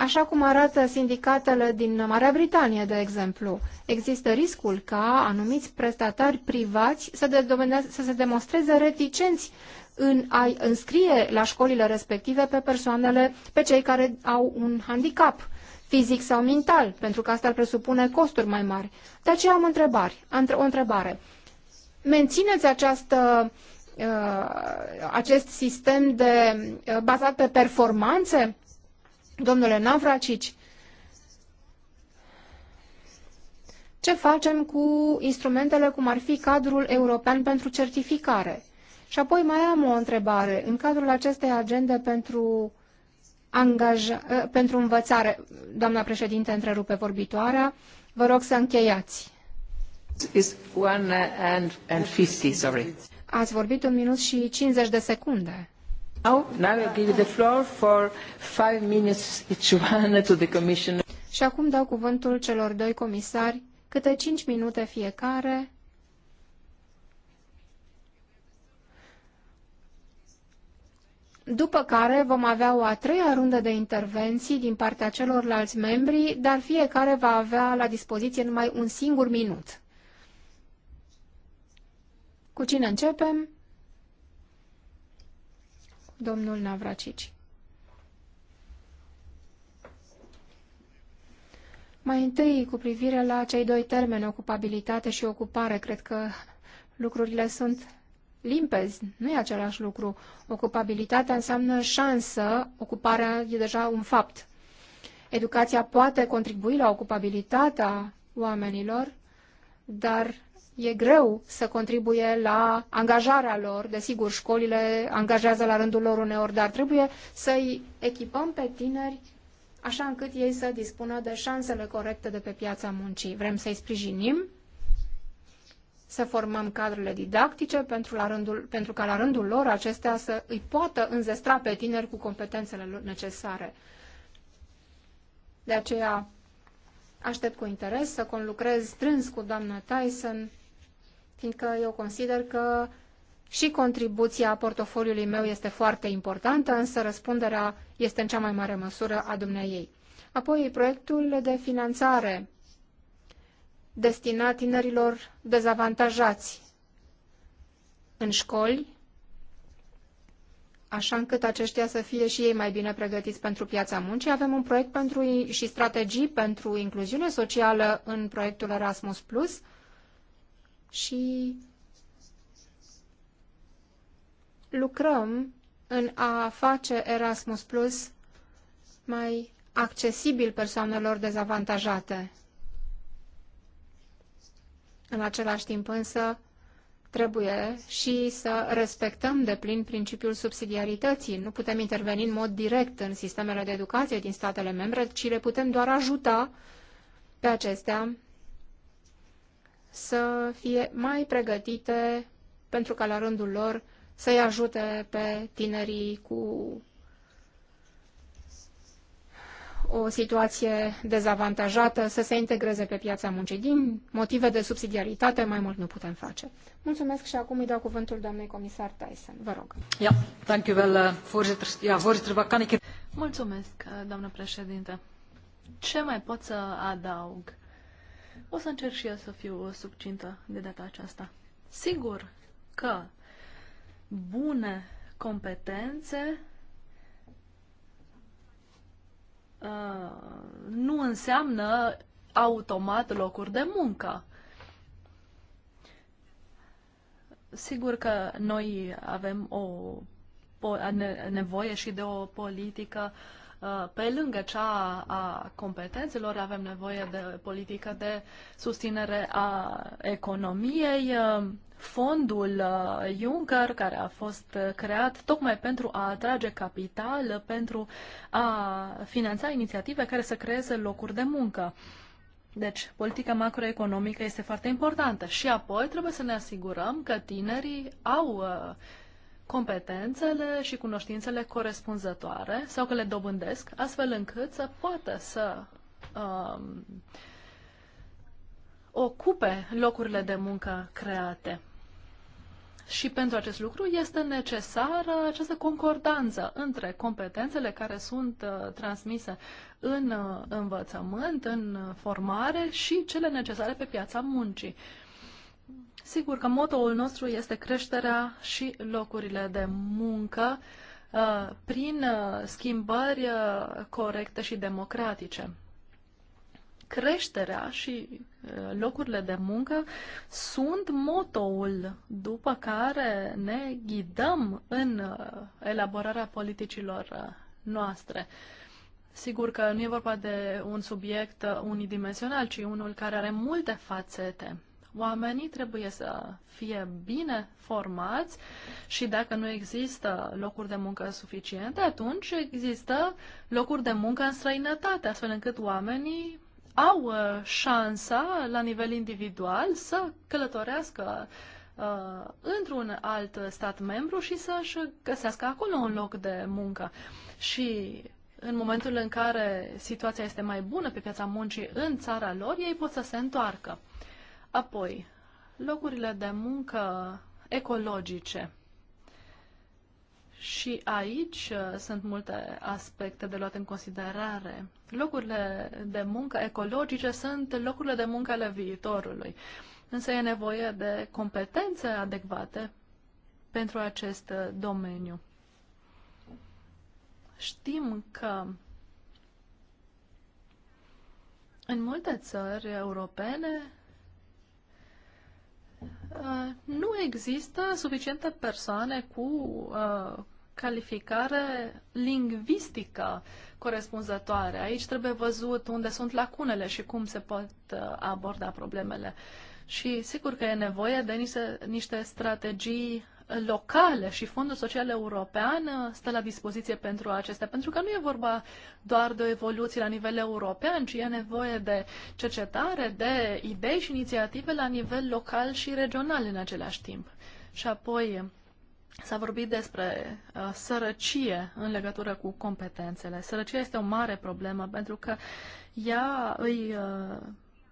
așa cum arată sindicatele din Marea Britanie, de exemplu. Există riscul ca anumiți prestatari privați să, să se demonstreze reticenți în a înscrie la școlile respective pe persoanele, pe cei care au un handicap fizic sau mental, pentru că asta ar presupune costuri mai mari. De aceea am întrebari, o întrebare. Mențineți această, uh, acest sistem de, uh, bazat pe performanțe? Domnule Navracici, ce facem cu instrumentele cum ar fi cadrul european pentru certificare? Și apoi mai am o întrebare. În cadrul acestei agende pentru, angaja, eh, pentru învățare, doamna președinte întrerupe vorbitoarea, vă rog să încheiați. Is one and, sorry. Ați vorbit un minut și 50 de secunde. Now, oh, now I give the floor for five minutes each one to the Și acum dau cuvântul celor doi comisari, câte cinci minute fiecare. După care vom avea o a treia rundă de intervenții din partea celorlalți membri, dar fiecare va avea la dispoziție numai un singur minut. Cu cine începem? domnul Navracici. Mai întâi, cu privire la cei doi termeni, ocupabilitate și ocupare, cred că lucrurile sunt limpezi, nu e același lucru. Ocupabilitatea înseamnă șansă, ocuparea e deja un fapt. Educația poate contribui la ocupabilitatea oamenilor, dar e greu să contribuie la angajarea lor. Desigur, școlile angajează la rândul lor uneori, dar trebuie să-i echipăm pe tineri așa încât ei să dispună de șansele corecte de pe piața muncii. Vrem să-i sprijinim, să formăm cadrele didactice pentru, la rândul, pentru ca la rândul lor acestea să îi poată înzestra pe tineri cu competențele necesare. De aceea aștept cu interes să conlucrez strâns cu doamna Tyson fiindcă eu consider că și contribuția portofoliului meu este foarte importantă, însă răspunderea este în cea mai mare măsură a dumneaei. Apoi, proiectul de finanțare destinat tinerilor dezavantajați în școli, așa încât aceștia să fie și ei mai bine pregătiți pentru piața muncii. Avem un proiect pentru, și strategii pentru incluziune socială în proiectul Erasmus+, și lucrăm în a face Erasmus Plus mai accesibil persoanelor dezavantajate. În același timp însă, trebuie și să respectăm de plin principiul subsidiarității. Nu putem interveni în mod direct în sistemele de educație din statele membre, ci le putem doar ajuta pe acestea să fie mai pregătite pentru ca la rândul lor să-i ajute pe tinerii cu o situație dezavantajată să se integreze pe piața muncii. Din motive de subsidiaritate, mai mult nu putem face. Mulțumesc și acum îi dau cuvântul doamnei comisar Tyson. Vă rog. Ja, thank you well, Mulțumesc, eh, doamnă președinte. Ce mai pot să adaug? O să încerc și eu să fiu subcintă de data aceasta. Sigur că bune competențe uh, nu înseamnă automat locuri de muncă. Sigur că noi avem o nevoie și de o politică uh, Uh, pe lângă cea a competențelor, avem nevoie de politică de susținere a economiei. Uh, fondul uh, Juncker, care a fost creat tocmai pentru a atrage capital, pentru a finanța inițiative care să creeze locuri de muncă. Deci, politica macroeconomică este foarte importantă. Și apoi trebuie să ne asigurăm că tinerii au uh, competențele și cunoștințele corespunzătoare sau că le dobândesc, astfel încât să poată să um, ocupe locurile de muncă create. Și pentru acest lucru este necesară această concordanță între competențele care sunt uh, transmise în uh, învățământ, în formare și cele necesare pe piața muncii. Uh, Sigur că motoul nostru este creșterea și locurile de muncă uh, prin uh, schimbări uh, corecte și democratice. Creșterea și locurile de muncă sunt motoul după care ne ghidăm în elaborarea politicilor noastre. Sigur că nu e vorba de un subiect unidimensional, ci unul care are multe fațete. Oamenii trebuie să fie bine formați și dacă nu există locuri de muncă suficiente, atunci există locuri de muncă în străinătate, astfel încât oamenii au uh, șansa la nivel individual să călătorească uh, într-un alt stat membru și să-și găsească acolo un loc de muncă. Și în momentul în care situația este mai bună pe piața muncii în țara lor, ei pot să se întoarcă. Apoi, locurile de muncă ecologice. Și aici uh, sunt multe aspecte de luat în considerare. Locurile de muncă ecologice sunt locurile de muncă ale viitorului, însă e nevoie de competențe adecvate pentru acest uh, domeniu. Știm că în multe țări europene Uh, nu există suficiente persoane cu uh, calificare lingvistică corespunzătoare. Aici trebuie văzut unde sunt lacunele și cum se pot uh, aborda problemele. Și sigur că e nevoie de niște, niște strategii locale și Fondul Social European uh, stă la dispoziție pentru acestea, pentru că nu e vorba doar de o evoluție la nivel european, ci e nevoie de cercetare, de idei și inițiative la nivel local și regional în același timp. Și apoi s-a vorbit despre uh, sărăcie în legătură cu competențele. Sărăcia este o mare problemă pentru că ea îi uh,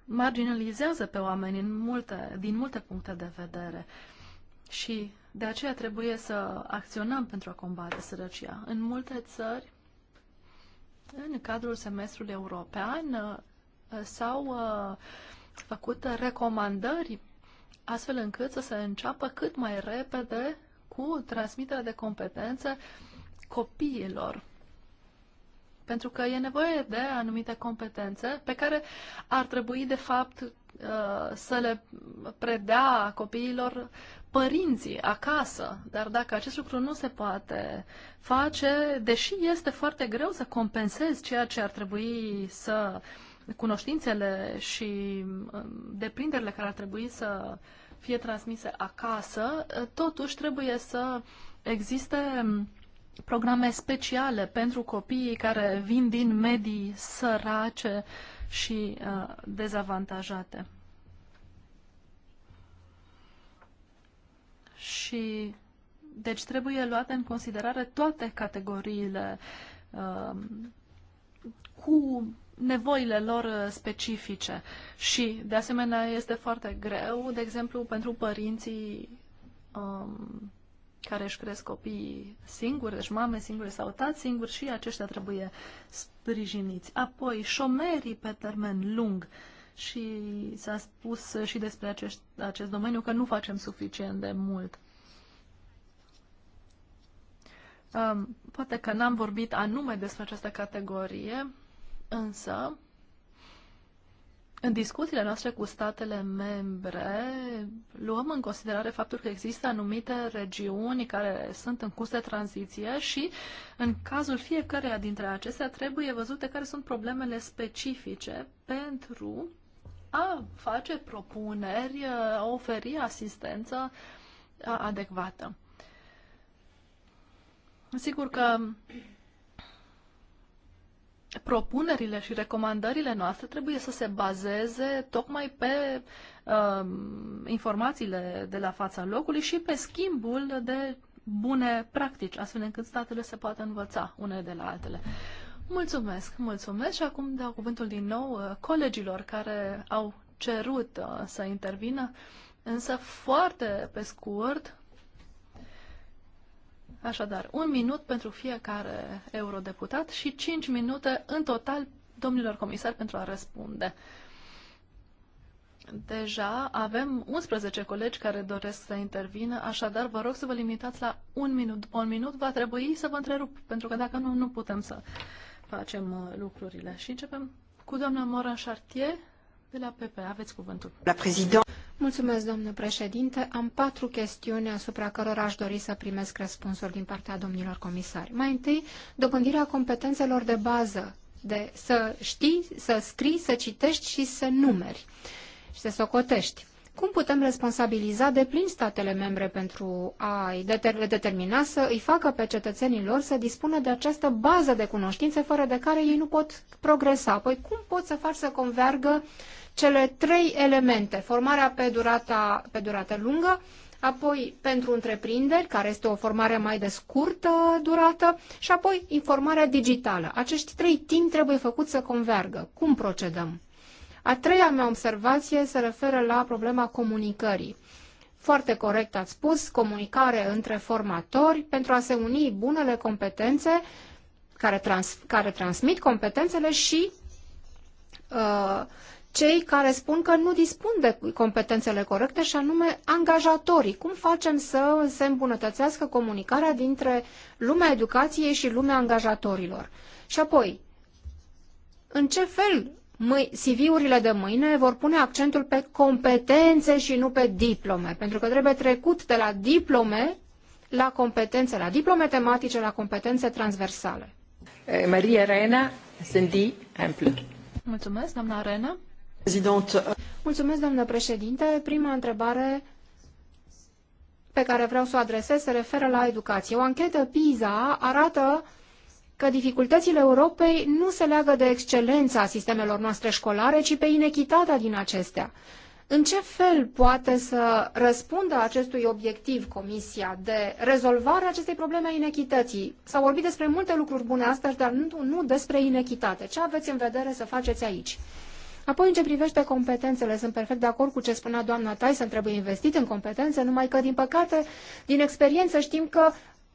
marginalizează pe oameni în multe, din multe puncte de vedere. Și de aceea trebuie să acționăm pentru a combate sărăcia. În multe țări, în cadrul semestrului european, uh, s-au uh, făcut recomandări astfel încât să se înceapă cât mai repede cu transmiterea de competențe copiilor pentru că e nevoie de anumite competențe pe care ar trebui, de fapt, uh, să le predea copiilor părinții acasă. Dar dacă acest lucru nu se poate face, deși este foarte greu să compensezi ceea ce ar trebui să cunoștințele și uh, deprinderile care ar trebui să fie transmise acasă, uh, totuși trebuie să existe programe speciale pentru copiii care vin din medii sărace și uh, dezavantajate. Și deci trebuie luate în considerare toate categoriile uh, cu nevoile lor specifice. Și, de asemenea, este foarte greu, de exemplu, pentru părinții um, care își cresc copiii singuri, deci mame singure sau tați singuri și aceștia trebuie sprijiniți. Apoi, șomerii pe termen lung și s-a spus și despre acest, acest domeniu că nu facem suficient de mult. Um, poate că n-am vorbit anume despre această categorie, însă în discuțiile noastre cu statele membre, luăm în considerare faptul că există anumite regiuni care sunt în curs de tranziție și, în cazul fiecăreia dintre acestea, trebuie văzute care sunt problemele specifice pentru a face propuneri, a oferi asistență adecvată. Sigur că propunerile și recomandările noastre trebuie să se bazeze tocmai pe uh, informațiile de la fața locului și pe schimbul de bune practici, astfel încât statele se poată învăța unele de la altele. Mulțumesc, mulțumesc și acum dau cuvântul din nou uh, colegilor care au cerut uh, să intervină, însă foarte pe scurt, Așadar, un minut pentru fiecare eurodeputat și cinci minute în total domnilor comisari pentru a răspunde. Deja avem 11 colegi care doresc să intervină, așadar vă rog să vă limitați la un minut. Un minut va trebui să vă întrerup, pentru că dacă nu, nu putem să facem uh, lucrurile. Și începem cu doamna Moran Chartier de la PP. Aveți cuvântul. La prezident. Mulțumesc, domnule președinte. Am patru chestiuni asupra cărora aș dori să primesc răspunsuri din partea domnilor comisari. Mai întâi, dobândirea competențelor de bază, de să știi, să scrii, să citești și să numeri și să socotești. Cum putem responsabiliza de plin statele membre pentru a îi determina să îi facă pe cetățenii lor să dispună de această bază de cunoștințe fără de care ei nu pot progresa? Păi cum pot să faci să convergă cele trei elemente, formarea pe durata, pe durată lungă, apoi pentru întreprinderi, care este o formare mai de scurtă durată, și apoi informarea digitală. Acești trei timp trebuie făcut să convergă. Cum procedăm? A treia mea observație se referă la problema comunicării. Foarte corect ați spus, comunicare între formatori pentru a se uni bunele competențe care, trans, care transmit competențele și uh, cei care spun că nu dispun de competențele corecte și anume angajatorii. Cum facem să se îmbunătățească comunicarea dintre lumea educației și lumea angajatorilor? Și apoi, în ce fel CV-urile de mâine vor pune accentul pe competențe și nu pe diplome? Pentru că trebuie trecut de la diplome la competențe, la diplome tematice, la competențe transversale. Eh, Maria Arena, sunt amplu. Mulțumesc, doamna Arena. Mulțumesc, președinte. Prima întrebare pe care vreau să o adresez se referă la educație. O anchetă PISA arată că dificultățile Europei nu se leagă de excelența sistemelor noastre școlare, ci pe inechitatea din acestea. În ce fel poate să răspundă acestui obiectiv Comisia de rezolvare acestei probleme a inechității? S-au vorbit despre multe lucruri bune astăzi, dar nu, nu despre inechitate. Ce aveți în vedere să faceți aici? Apoi, în ce privește competențele, sunt perfect de acord cu ce spunea doamna Tyson, trebuie investit în competențe, numai că, din păcate, din experiență știm că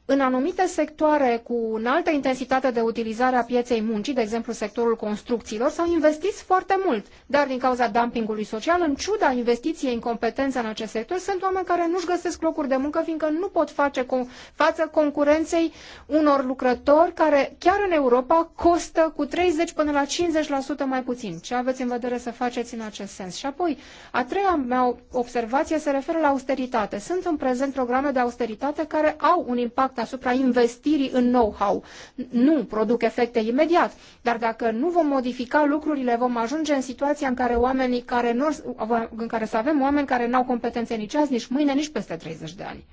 în anumite sectoare cu înaltă intensitate de utilizare a pieței muncii, de exemplu sectorul construcțiilor, s-au investit foarte mult, dar din cauza dumpingului social, în ciuda investiției în competență în acest sector, sunt oameni care nu-și găsesc locuri de muncă, fiindcă nu pot face com- față concurenței unor lucrători care, chiar în Europa, costă cu 30 până la 50% mai puțin. Ce aveți în vedere să faceți în acest sens? Și apoi, a treia mea observație se referă la austeritate. Sunt în prezent programe de austeritate care au un impact impact asupra investirii în know-how. Nu produc efecte imediat, dar dacă nu vom modifica lucrurile, vom ajunge în situația în care oamenii care nu, în care să avem oameni care nu au competențe nici azi, nici mâine, nici peste 30 de ani.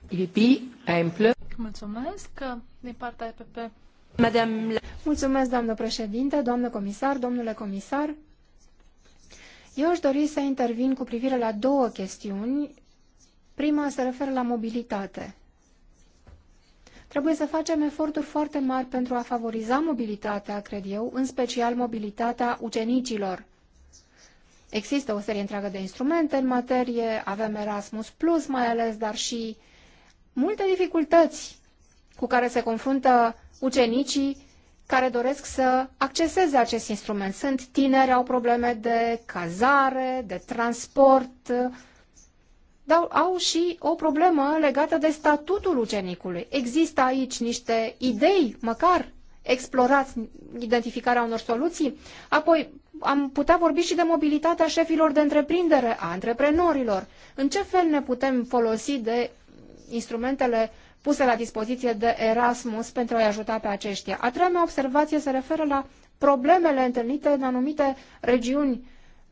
Mulțumesc uh, din partea EPP. Madame... Mulțumesc, doamnă președinte, doamnă comisar, domnule comisar. Eu aș dori să intervin cu privire la două chestiuni. Prima se referă la mobilitate. Trebuie să facem eforturi foarte mari pentru a favoriza mobilitatea, cred eu, în special mobilitatea ucenicilor. Există o serie întreagă de instrumente în materie, avem Erasmus Plus mai ales, dar și multe dificultăți cu care se confruntă ucenicii care doresc să acceseze acest instrument. Sunt tineri, au probleme de cazare, de transport, dar au și o problemă legată de statutul ucenicului. Există aici niște idei, măcar explorați identificarea unor soluții? Apoi, am putea vorbi și de mobilitatea șefilor de întreprindere, a antreprenorilor. În ce fel ne putem folosi de instrumentele puse la dispoziție de Erasmus pentru a-i ajuta pe aceștia? A treia mea observație se referă la problemele întâlnite în anumite regiuni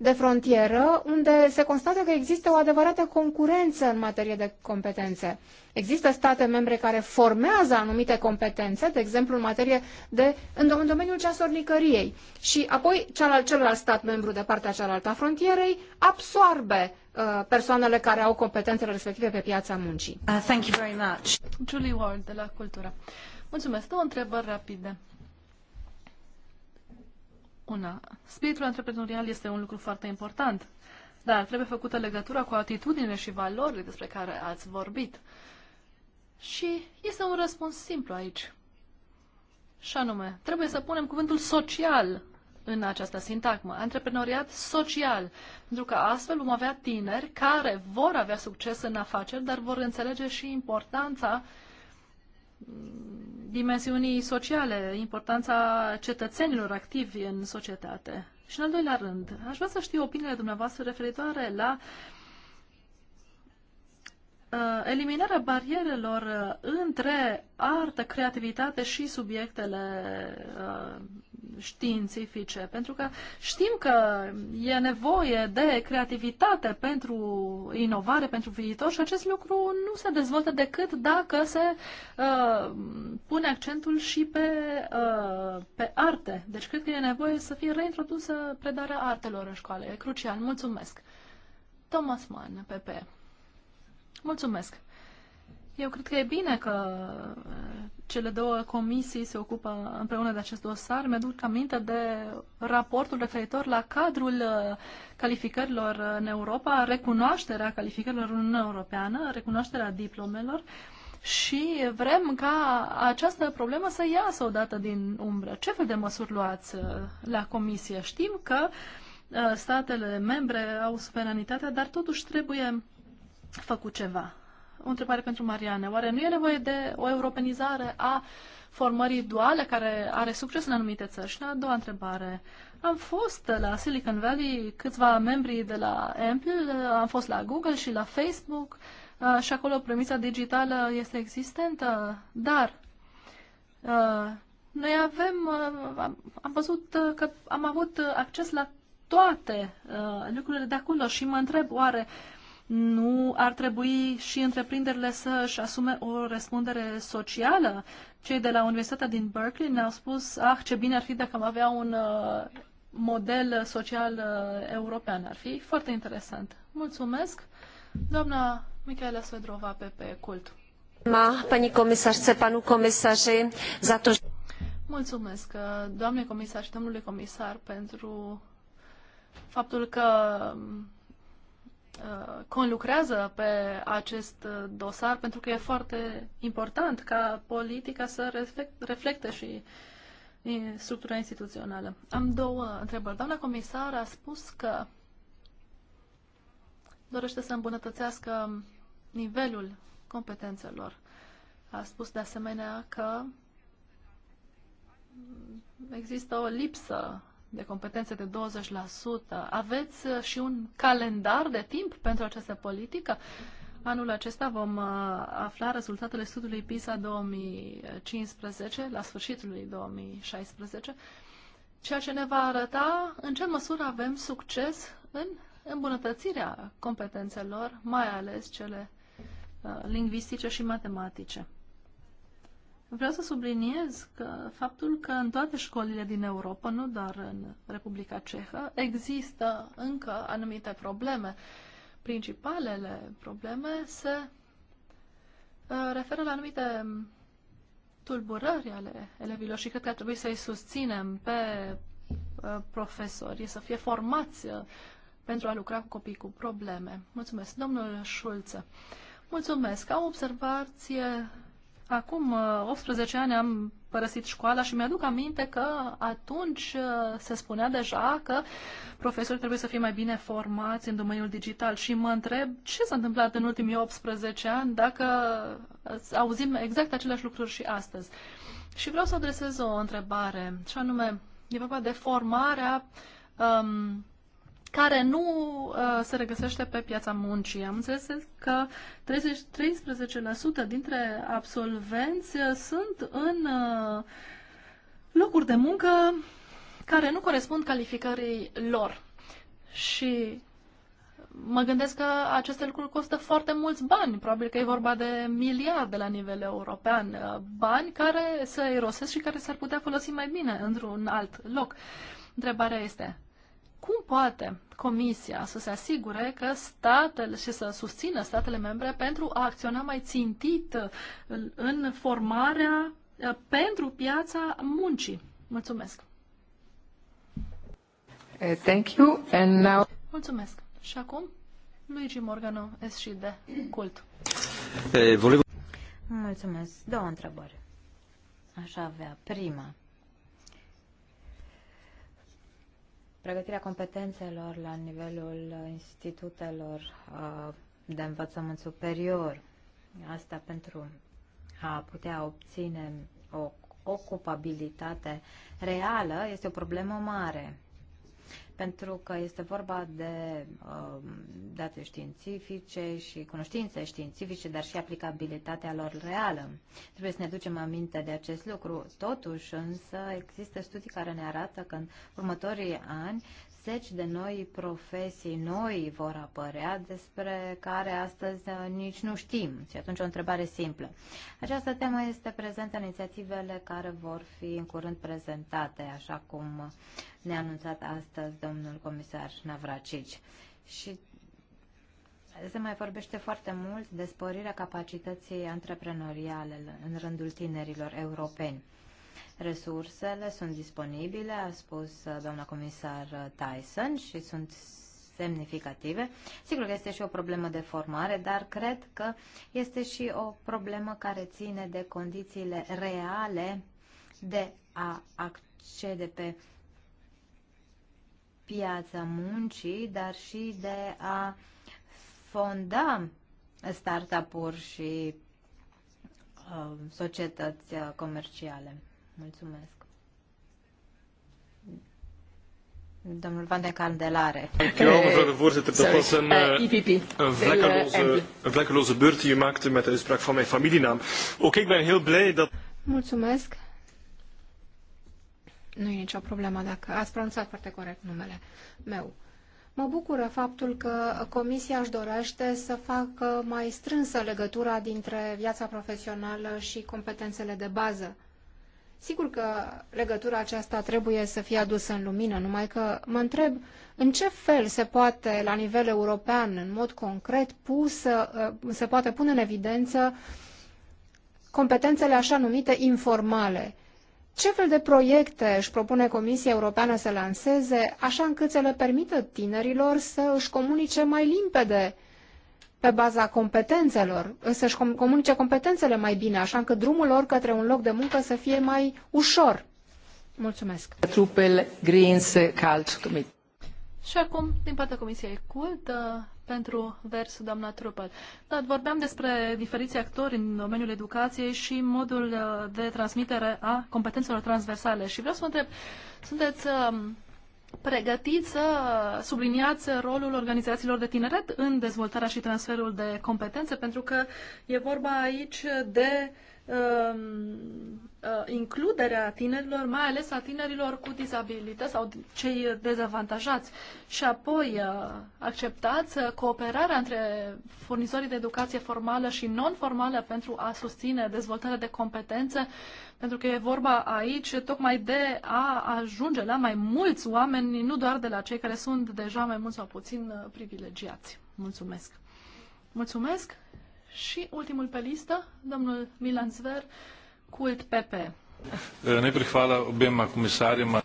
de frontieră, unde se constată că există o adevărată concurență în materie de competențe. Există state membre care formează anumite competențe, de exemplu în materie de în, în domeniul ceasornicăriei. Și apoi celălalt, celălalt stat membru de partea cealaltă a frontierei absorbe uh, persoanele care au competențele respective pe piața muncii. Uh, thank you very much. Julie Ward de la Cultura. Mulțumesc. Două întrebări rapide una. Spiritul antreprenorial este un lucru foarte important, dar trebuie făcută legătura cu atitudine și valorile despre care ați vorbit. Și este un răspuns simplu aici. Și anume, trebuie să punem cuvântul social în această sintagmă, antreprenoriat social, pentru că astfel vom avea tineri care vor avea succes în afaceri, dar vor înțelege și importanța dimensiunii sociale, importanța cetățenilor activi în societate. Și în al doilea rând, aș vrea să știu opiniile dumneavoastră referitoare la uh, eliminarea barierelor uh, între artă, creativitate și subiectele uh, științifice, pentru că știm că e nevoie de creativitate pentru inovare, pentru viitor și acest lucru nu se dezvoltă decât dacă se uh, pune accentul și pe, uh, pe arte. Deci cred că e nevoie să fie reintrodusă predarea artelor în școală. E crucial. Mulțumesc. Thomas Mann, PP. Mulțumesc. Eu cred că e bine că cele două comisii se ocupă împreună de acest dosar. Mi-aduc aminte de raportul referitor la cadrul uh, calificărilor în Europa, recunoașterea calificărilor în Uniunea Europeană, recunoașterea diplomelor și vrem ca această problemă să iasă odată din umbră. Ce fel de măsuri luați uh, la comisie? Știm că uh, statele membre au suveranitatea, dar totuși trebuie făcut ceva o întrebare pentru Mariane. Oare nu e nevoie de o europenizare a formării duale care are succes în anumite țări? Și a doua întrebare. Am fost la Silicon Valley, câțiva membri de la Apple, am fost la Google și la Facebook uh, și acolo premisa digitală este existentă, dar uh, noi avem, uh, am văzut că am avut acces la toate lucrurile de acolo și mă întreb oare uh, nu ar trebui și întreprinderile să își asume o răspundere socială? Cei de la Universitatea din Berkeley ne-au spus, ah, ce bine ar fi dacă am avea un uh, model social uh, european. Ar fi foarte interesant. Mulțumesc. Doamna Michaela Svedrova, pe Cult. Ma, pani comisarce, panu comisare, za to... Mulțumesc, uh, doamne comisar și domnule comisar, pentru faptul că um, Uh, conlucrează pe acest dosar pentru că e foarte important ca politica să reflecte și structura instituțională. Am două întrebări. Doamna comisar a spus că dorește să îmbunătățească nivelul competențelor. A spus de asemenea că există o lipsă de competențe de 20%. Aveți uh, și un calendar de timp pentru această politică? Anul acesta vom uh, afla rezultatele studiului PISA 2015, la sfârșitul lui 2016, ceea ce ne va arăta în ce măsură avem succes în îmbunătățirea competențelor, mai ales cele uh, lingvistice și matematice. Vreau să subliniez că faptul că în toate școlile din Europa, nu doar în Republica Cehă, există încă anumite probleme. Principalele probleme se uh, referă la anumite tulburări ale elevilor și cred că ar trebui să-i susținem pe uh, profesori, să fie formați uh, pentru a lucra cu copii cu probleme. Mulțumesc. Domnul Șulță. Mulțumesc. Am observație Acum 18 uh, ani am părăsit școala și mi-aduc aminte că atunci uh, se spunea deja că profesorii trebuie să fie mai bine formați în domeniul digital și mă întreb ce s-a întâmplat în ultimii 18 ani dacă uh, auzim exact aceleași lucruri și astăzi. Și vreau să adresez o întrebare, și anume, e vorba de formarea um, care nu uh, se regăsește pe piața muncii. Am înțeles că 30, 13% dintre absolvenți uh, sunt în uh, locuri de muncă care nu corespund calificării lor. Și mă gândesc că aceste lucruri costă foarte mulți bani, probabil că e vorba de miliarde la nivel european, uh, bani care se irosesc și care s-ar putea folosi mai bine într-un alt loc. Întrebarea este, cum poate Comisia să se asigure că statele și să susțină statele membre pentru a acționa mai țintit uh, în formarea uh, pentru piața muncii? Mulțumesc! Eh, thank you. And now... Mulțumesc. Și acum, Luigi Morgano, SCD, de cult. Eh, Mulțumesc. Două întrebări. Așa avea prima. Pregătirea competențelor la nivelul institutelor uh, de învățământ superior, asta pentru a putea obține o ocupabilitate reală, este o problemă mare pentru că este vorba de uh, date științifice și cunoștințe științifice, dar și aplicabilitatea lor reală. Trebuie să ne ducem aminte de acest lucru. Totuși, însă, există studii care ne arată că în următorii ani zeci de noi profesii noi vor apărea despre care astăzi uh, nici nu știm. Și atunci o întrebare simplă. Această temă este prezentă în inițiativele care vor fi în curând prezentate, așa cum ne-a anunțat astăzi domnul comisar Navracici. Și se mai vorbește foarte mult de sporirea capacității antreprenoriale în rândul tinerilor europeni. Resursele sunt disponibile, a spus uh, doamna comisar uh, Tyson, și sunt semnificative. Sigur că este și o problemă de formare, dar cred că este și o problemă care ține de condițiile reale de a accede pe piața muncii, dar și de a fonda startup-uri și uh, societăți uh, comerciale. Mulțumesc. Domnul Van de Candelare. Dankjewel, mevrouw de voorzitter. Dat was een, eh, eh, eh, een vlekkeloze beurt die u maakte met de uitspraak van mijn familienaam. Ook ik ben heel blij dat... Mulțumesc. Nu e nicio problemă dacă ați pronunțat foarte corect numele meu. Mă bucură faptul că Comisia își dorește să facă mai strânsă legătura dintre viața profesională și competențele de bază. Sigur că legătura aceasta trebuie să fie adusă în lumină, numai că mă întreb în ce fel se poate, la nivel european, în mod concret, pusă, uh, se poate pune în evidență competențele așa numite informale. Ce fel de proiecte își propune Comisia Europeană să lanseze, așa încât să le permită tinerilor să își comunice mai limpede uh, pe baza competențelor, să-și comunice competențele mai bine, așa încât drumul lor către un loc de muncă să fie mai ușor. Mulțumesc. Trupel Greens Cult Committee. Și acum, din partea Comisiei Cult, uh, pentru versul, doamna Trupel. dar vorbeam despre diferiți actori în domeniul educației și modul uh, de transmitere a competențelor transversale. Și vreau să vă întreb, sunteți um, pregătiți să subliniați rolul organizațiilor de tineret în dezvoltarea și transferul de competențe, pentru că e vorba aici de uh, Um, uh, includerea tinerilor, mai ales a tinerilor cu dizabilități sau cei dezavantajați. Și apoi uh, acceptați uh, cooperarea între furnizorii de educație formală și non-formală pentru a susține dezvoltarea de competențe, pentru că e vorba aici tocmai de a ajunge la mai mulți oameni, nu doar de la cei care sunt deja mai mulți sau puțin privilegiați. Mulțumesc! Mulțumesc! Și ultimul pe listă, domnul Milan Zver, Cult PP. Eh, najprej hvala comisarima.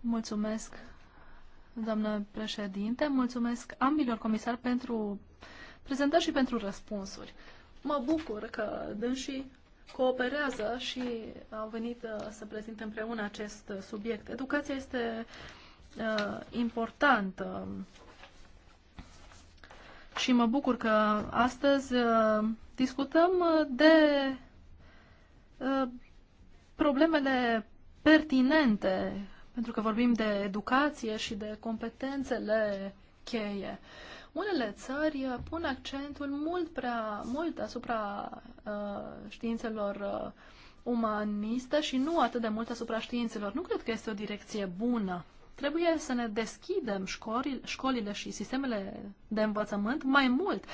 Mulțumesc, doamnă președinte. Mulțumesc ambilor comisari pentru prezentări și pentru răspunsuri. Mă bucur că dânsii cooperează și au venit eh, să prezint împreună acest subiect. Educația este uh, importantă. Uh, și mă bucur că astăzi uh, discutăm uh, de uh, problemele pertinente, pentru că vorbim de educație și de competențele cheie. Unele țări pun accentul mult prea mult asupra uh, științelor uh, umaniste și nu atât de mult asupra științelor. Nu cred că este o direcție bună. Trebuie să ne deschidem școlile, școlile și sistemele de învățământ mai mult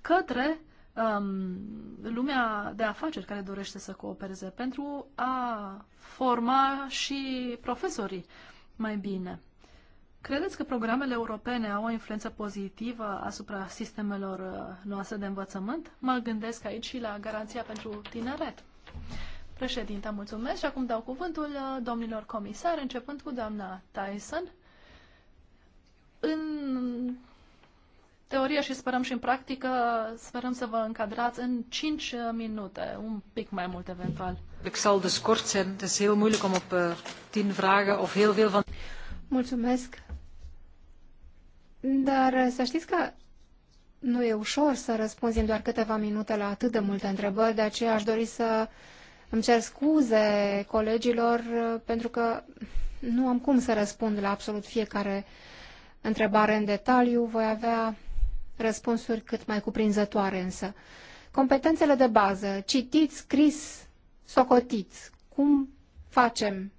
către um, lumea de afaceri care dorește să coopereze pentru a forma și profesorii mai bine. Credeți că programele europene au o influență pozitivă asupra sistemelor uh, noastre de învățământ? Mă gândesc aici și la garanția pentru tineret. Președinte, mulțumesc și acum dau cuvântul uh, domnilor comisari, începând cu doamna Tyson. În teorie și sperăm și în practică, sperăm să vă încadrați în 5 uh, minute, un pic mai mult eventual. Uh, mulțumesc. Dar să știți că nu e ușor să răspunzi în doar câteva minute la atât de multe întrebări, de aceea aș dori să îmi cer scuze colegilor pentru că nu am cum să răspund la absolut fiecare întrebare în detaliu. Voi avea răspunsuri cât mai cuprinzătoare însă. Competențele de bază, citit, scris, socotit, cum facem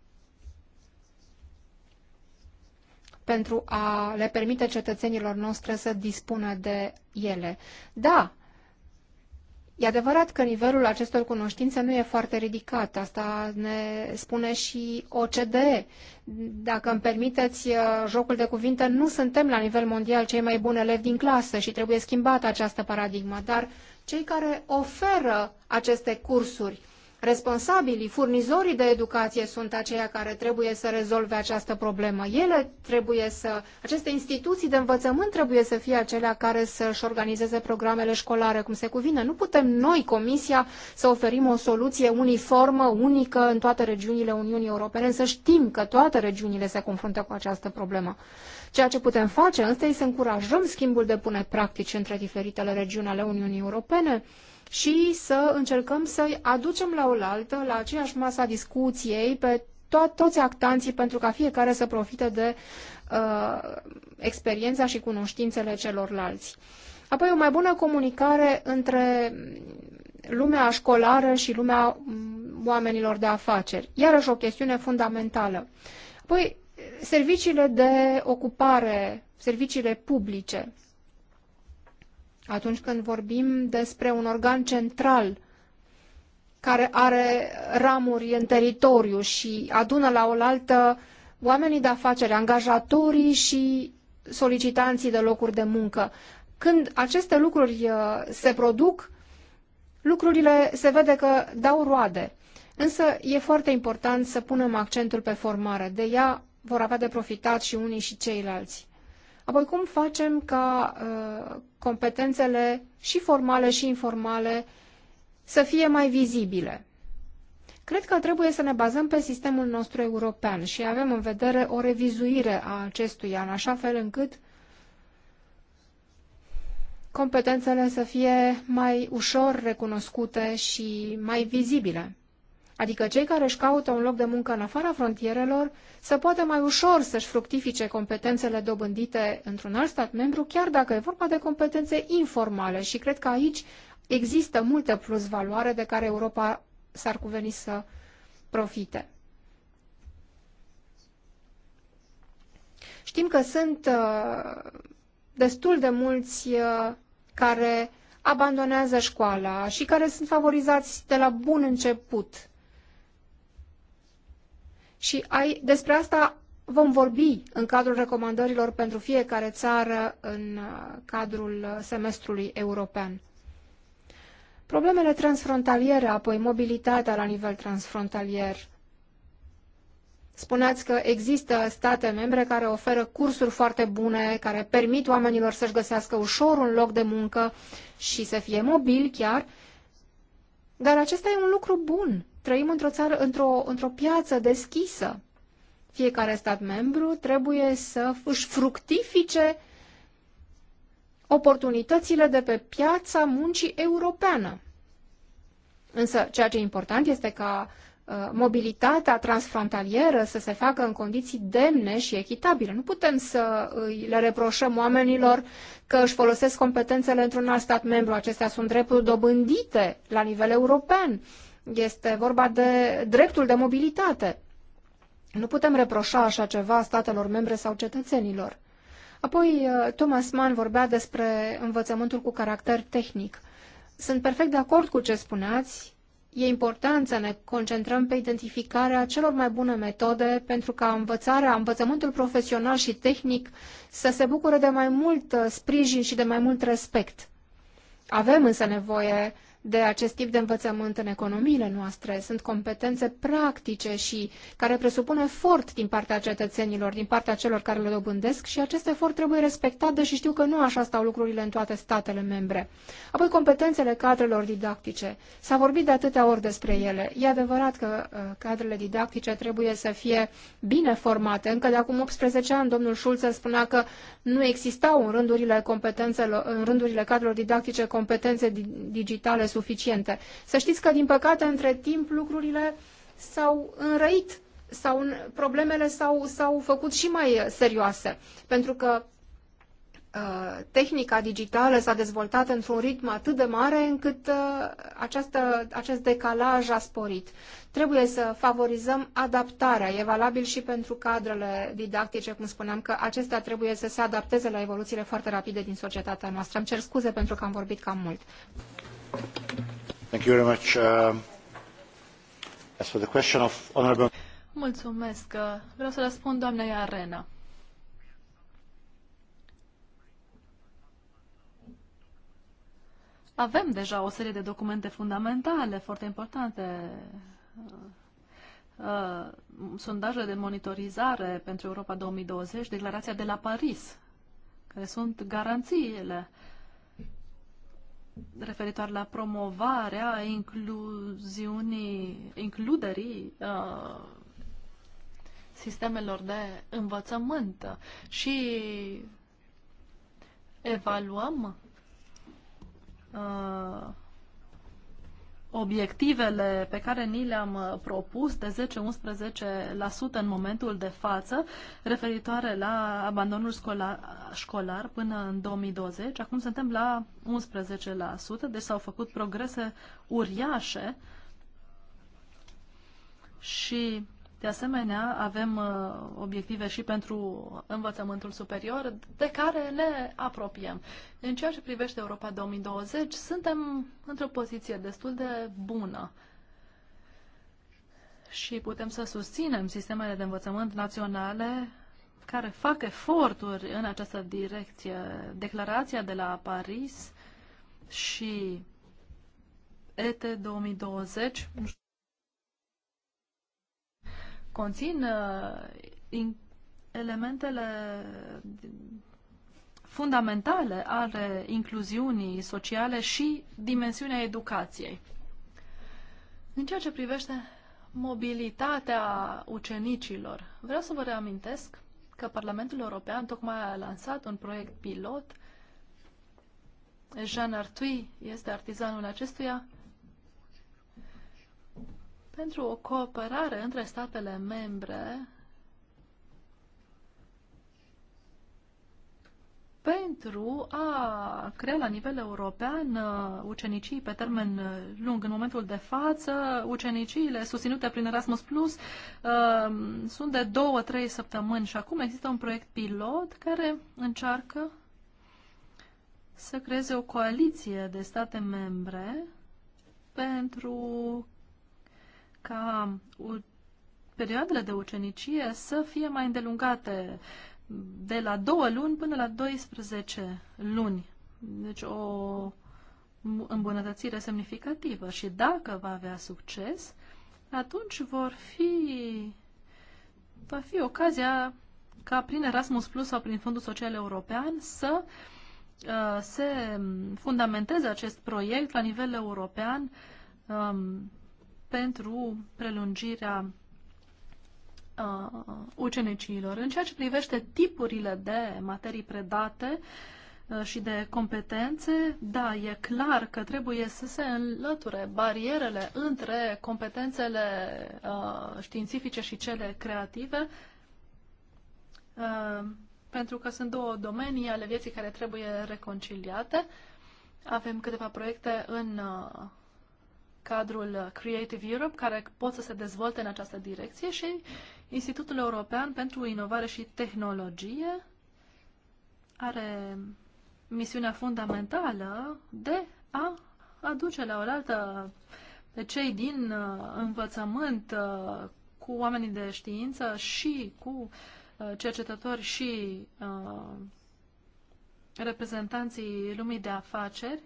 pentru a le permite cetățenilor noastre să dispună de ele. Da, E adevărat că nivelul acestor cunoștințe nu e foarte ridicat. Asta ne spune și OCDE. Dacă îmi permiteți uh, jocul de cuvinte, nu suntem la nivel mondial cei mai buni elevi din clasă și trebuie schimbată această paradigmă. Dar cei care oferă aceste cursuri Responsabilii, furnizorii de educație sunt aceia care trebuie să rezolve această problemă. Ele trebuie să, aceste instituții de învățământ trebuie să fie acelea care să-și organizeze programele școlare cum se cuvine. Nu putem noi, Comisia, să oferim o soluție uniformă, unică în toate regiunile Uniunii Europene, să știm că toate regiunile se confruntă cu această problemă. Ceea ce putem face însă este să încurajăm schimbul de bune practici între diferitele regiuni ale Uniunii Europene, și să încercăm să aducem la oaltă, la aceeași masa discuției, pe to- toți actanții pentru ca fiecare să profite de uh, experiența și cunoștințele celorlalți. Apoi o mai bună comunicare între lumea școlară și lumea mm, oamenilor de afaceri. Iarăși o chestiune fundamentală. Apoi, serviciile de ocupare, serviciile publice atunci când vorbim despre un organ central care are ramuri în teritoriu și adună la oaltă oamenii de afaceri, angajatorii și solicitanții de locuri de muncă. Când aceste lucruri uh, se produc, lucrurile se vede că dau roade. Însă e foarte important să punem accentul pe formare. De ea vor avea de profitat și unii și ceilalți. Apoi, cum facem ca uh, competențele și formale și informale să fie mai vizibile? Cred că trebuie să ne bazăm pe sistemul nostru european și avem în vedere o revizuire a acestuia, în așa fel încât competențele să fie mai ușor recunoscute și mai vizibile adică cei care își caută un loc de muncă în afara frontierelor, să poată mai ușor să-și fructifice competențele dobândite într-un alt stat membru, chiar dacă e vorba de competențe informale și cred că aici există multă plusvaloare de care Europa s-ar cuveni să profite. Știm că sunt uh, destul de mulți uh, care abandonează școala și care sunt favorizați de la bun început și ai, despre asta vom vorbi în cadrul recomandărilor pentru fiecare țară în uh, cadrul uh, semestrului european. Problemele transfrontaliere, apoi mobilitatea la nivel transfrontalier. Spuneați că există state membre care oferă cursuri foarte bune, care permit oamenilor să-și găsească ușor un loc de muncă și să fie mobili chiar, dar acesta e un lucru bun trăim într-o țară, într-o, într-o piață deschisă. Fiecare stat membru trebuie să își fructifice oportunitățile de pe piața muncii europeană. Însă, ceea ce e important este ca uh, mobilitatea transfrontalieră să se facă în condiții demne și echitabile. Nu putem să îi le reproșăm oamenilor că își folosesc competențele într-un alt stat membru. Acestea sunt drepturi dobândite la nivel european. Este vorba de dreptul de mobilitate. Nu putem reproșa așa ceva statelor membre sau cetățenilor. Apoi, uh, Thomas Mann vorbea despre învățământul cu caracter tehnic. Sunt perfect de acord cu ce spuneați. E important să ne concentrăm pe identificarea celor mai bune metode pentru ca învățarea, învățământul profesional și tehnic să se bucure de mai mult uh, sprijin și de mai mult respect. Avem însă nevoie de acest tip de învățământ în economiile noastre. Sunt competențe practice și care presupun efort din partea cetățenilor, din partea celor care le dobândesc și acest efort trebuie respectat, deși știu că nu așa stau lucrurile în toate statele membre. Apoi competențele cadrelor didactice. S-a vorbit de atâtea ori despre ele. E adevărat că uh, cadrele didactice trebuie să fie bine formate. Încă de acum 18 ani, domnul Schulze spunea că nu existau în rândurile, competențelor, în rândurile cadrelor didactice competențe digitale suficiente. Să știți că, din păcate, între timp lucrurile s-au înrăit sau problemele s-au, s-au făcut și mai uh, serioase, pentru că uh, tehnica digitală s-a dezvoltat într-un ritm atât de mare încât uh, această, acest decalaj a sporit. Trebuie să favorizăm adaptarea, e valabil și pentru cadrele didactice, cum spuneam, că acestea trebuie să se adapteze la evoluțiile foarte rapide din societatea noastră. Îmi cer scuze pentru că am vorbit cam mult. Mulțumesc. Vreau să răspund doamnei Arena. Avem deja o serie de documente fundamentale foarte importante. Uh, uh, sondajele de monitorizare pentru Europa 2020, declarația de la Paris, care sunt garanțiile uh, referitor la promovarea incluziunii, includerii uh, sistemelor de învățământ și evaluăm uh, obiectivele pe care ni le-am uh, propus de 10-11% în momentul de față, referitoare la abandonul școlar, școlar până în 2020. Acum suntem la 11%, deci s-au făcut progrese uriașe și de asemenea, avem uh, obiective și pentru învățământul superior, de care ne apropiem. În ceea ce privește Europa 2020, suntem într-o poziție destul de bună și putem să susținem sistemele de învățământ naționale care fac eforturi în această direcție. Declarația de la Paris și ET 2020 conțin uh, in, elementele fundamentale ale incluziunii sociale și dimensiunea educației. În ceea ce privește mobilitatea ucenicilor, vreau să vă reamintesc că Parlamentul European tocmai a lansat un proiect pilot. Jean Artui este artizanul acestuia pentru o cooperare între statele membre pentru a crea la nivel european uh, ucenicii pe termen uh, lung. În momentul de față, uceniciile susținute prin Erasmus Plus uh, sunt de două, trei săptămâni și acum există un proiect pilot care încearcă să creeze o coaliție de state membre pentru ca perioadele de ucenicie să fie mai îndelungate de la două luni până la 12 luni. Deci o îmbunătățire semnificativă și dacă va avea succes, atunci vor fi, va fi ocazia ca prin Erasmus Plus sau prin Fondul Social European să uh, se fundamenteze acest proiect la nivel european um, pentru prelungirea uh, ucenicilor. În ceea ce privește tipurile de materii predate uh, și de competențe, da, e clar că trebuie să se înlăture barierele între competențele uh, științifice și cele creative, uh, pentru că sunt două domenii ale vieții care trebuie reconciliate. Avem câteva proiecte în uh, cadrul Creative Europe, care pot să se dezvolte în această direcție și Institutul European pentru Inovare și Tehnologie are misiunea fundamentală de a aduce la oaltă pe cei din uh, învățământ uh, cu oamenii de știință și cu uh, cercetători și reprezentanții lumii de afaceri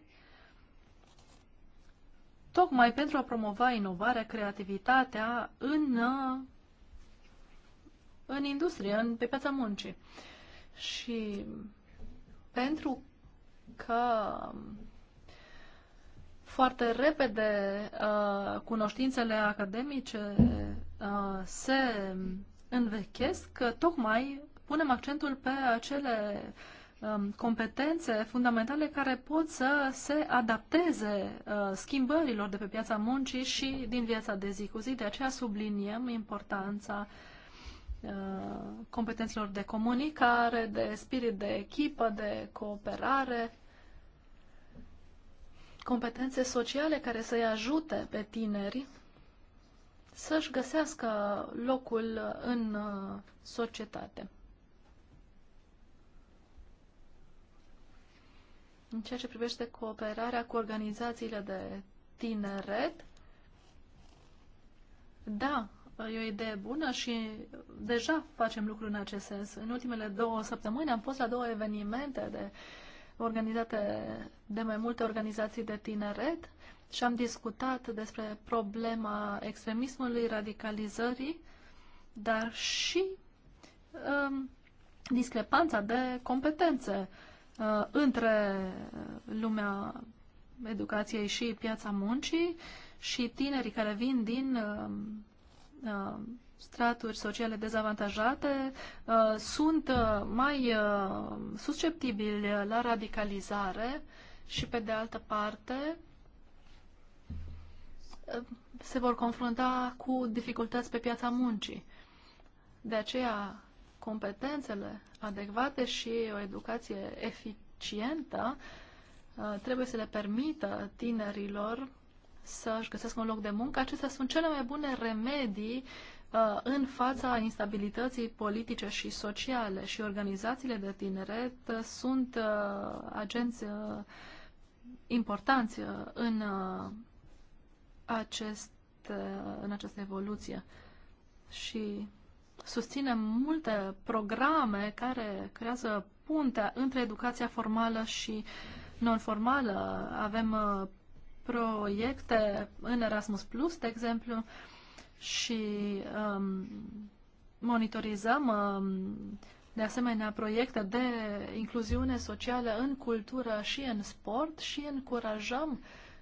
tocmai pentru a promova inovarea, creativitatea în, uh, în industrie, în, pe piața muncii. Și pentru că foarte repede uh, cunoștințele academice uh, se învechesc, tocmai punem accentul pe acele Um, competențe fundamentale care pot să se adapteze uh, schimbărilor de pe piața muncii și din viața de zi cu zi. De aceea subliniem importanța uh, competențelor de comunicare, de spirit de echipă, de cooperare, competențe sociale care să-i ajute pe tineri să-și găsească locul în uh, societate. În ceea ce privește cooperarea cu organizațiile de tineret, da, e o idee bună și deja facem lucruri în acest sens. În ultimele două săptămâni am fost la două evenimente de organizate de mai multe organizații de tineret și am discutat despre problema extremismului, radicalizării, dar și um, discrepanța de competențe uh, între lumea educației și piața muncii și tinerii care vin din uh, uh, straturi sociale dezavantajate uh, sunt uh, mai uh, susceptibili la radicalizare și, pe de altă parte, uh, se vor confrunta cu dificultăți pe piața muncii. De aceea, competențele adecvate și o educație eficientă uh, trebuie să le permită tinerilor să-și găsească un loc de muncă. Acestea sunt cele mai bune remedii uh, în fața instabilității politice și sociale și organizațiile de tineret uh, sunt agenți importanți în, acest, în această evoluție. Și susținem multe programe care creează puntea între educația formală și non-formală. Avem uh, proiecte în Erasmus Plus, de exemplu, și um, monitorizăm um, de asemenea proiecte de incluziune socială în cultură și în sport și încurajăm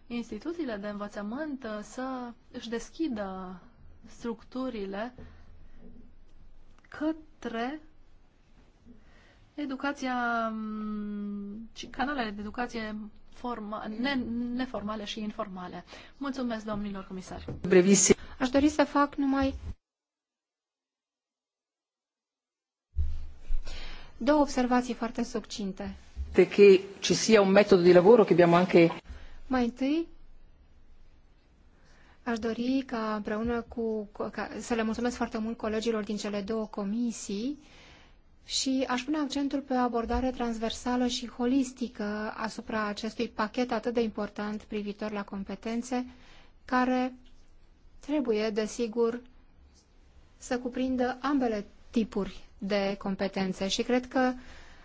instituțiile de învățământ uh, să își deschidă structurile către educația și mm, canalele de educație forma, ne, neformale și informale. Mulțumesc, domnilor comisari. Brevisi. Aș dori să fac numai două observații foarte succinte. că ci sia un metod de lavoro că abbiamo anche... Mai întâi, Aș dori ca împreună cu, ca, să le mulțumesc foarte mult colegilor din cele două comisii și aș pune accentul pe o abordare transversală și holistică asupra acestui pachet atât de important privitor la competențe, care trebuie, desigur, să cuprindă ambele tipuri de competențe și cred că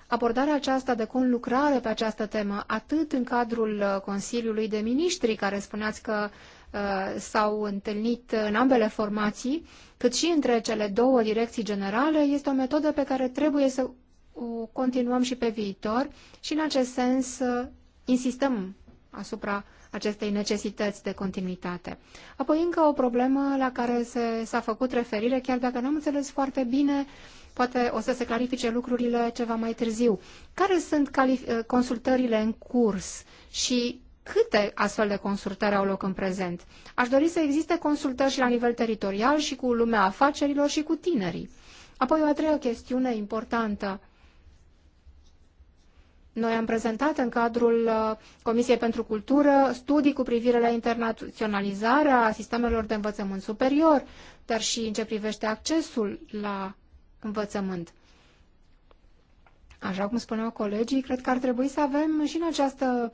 abordarea aceasta de conlucrare pe această temă, atât în cadrul uh, Consiliului de Ministri, care spuneați că Uh, s-au întâlnit în ambele formații, cât și între cele două direcții generale, este o metodă pe care trebuie să o continuăm și pe viitor și în acest sens insistăm asupra acestei necesități de continuitate. Apoi încă o problemă la care s-a făcut referire, chiar dacă n-am înțeles foarte bine, poate o să se clarifice lucrurile ceva mai târziu. Care sunt consultările în curs și câte astfel de consultări au loc în prezent. Aș dori să existe consultări și la nivel teritorial și cu lumea afacerilor și cu tinerii. Apoi o a treia chestiune importantă. Noi am prezentat în cadrul uh, Comisiei pentru Cultură studii cu privire la internaționalizarea sistemelor de învățământ superior, dar și în ce privește accesul la învățământ. Așa cum spuneau colegii, cred că ar trebui să avem și în această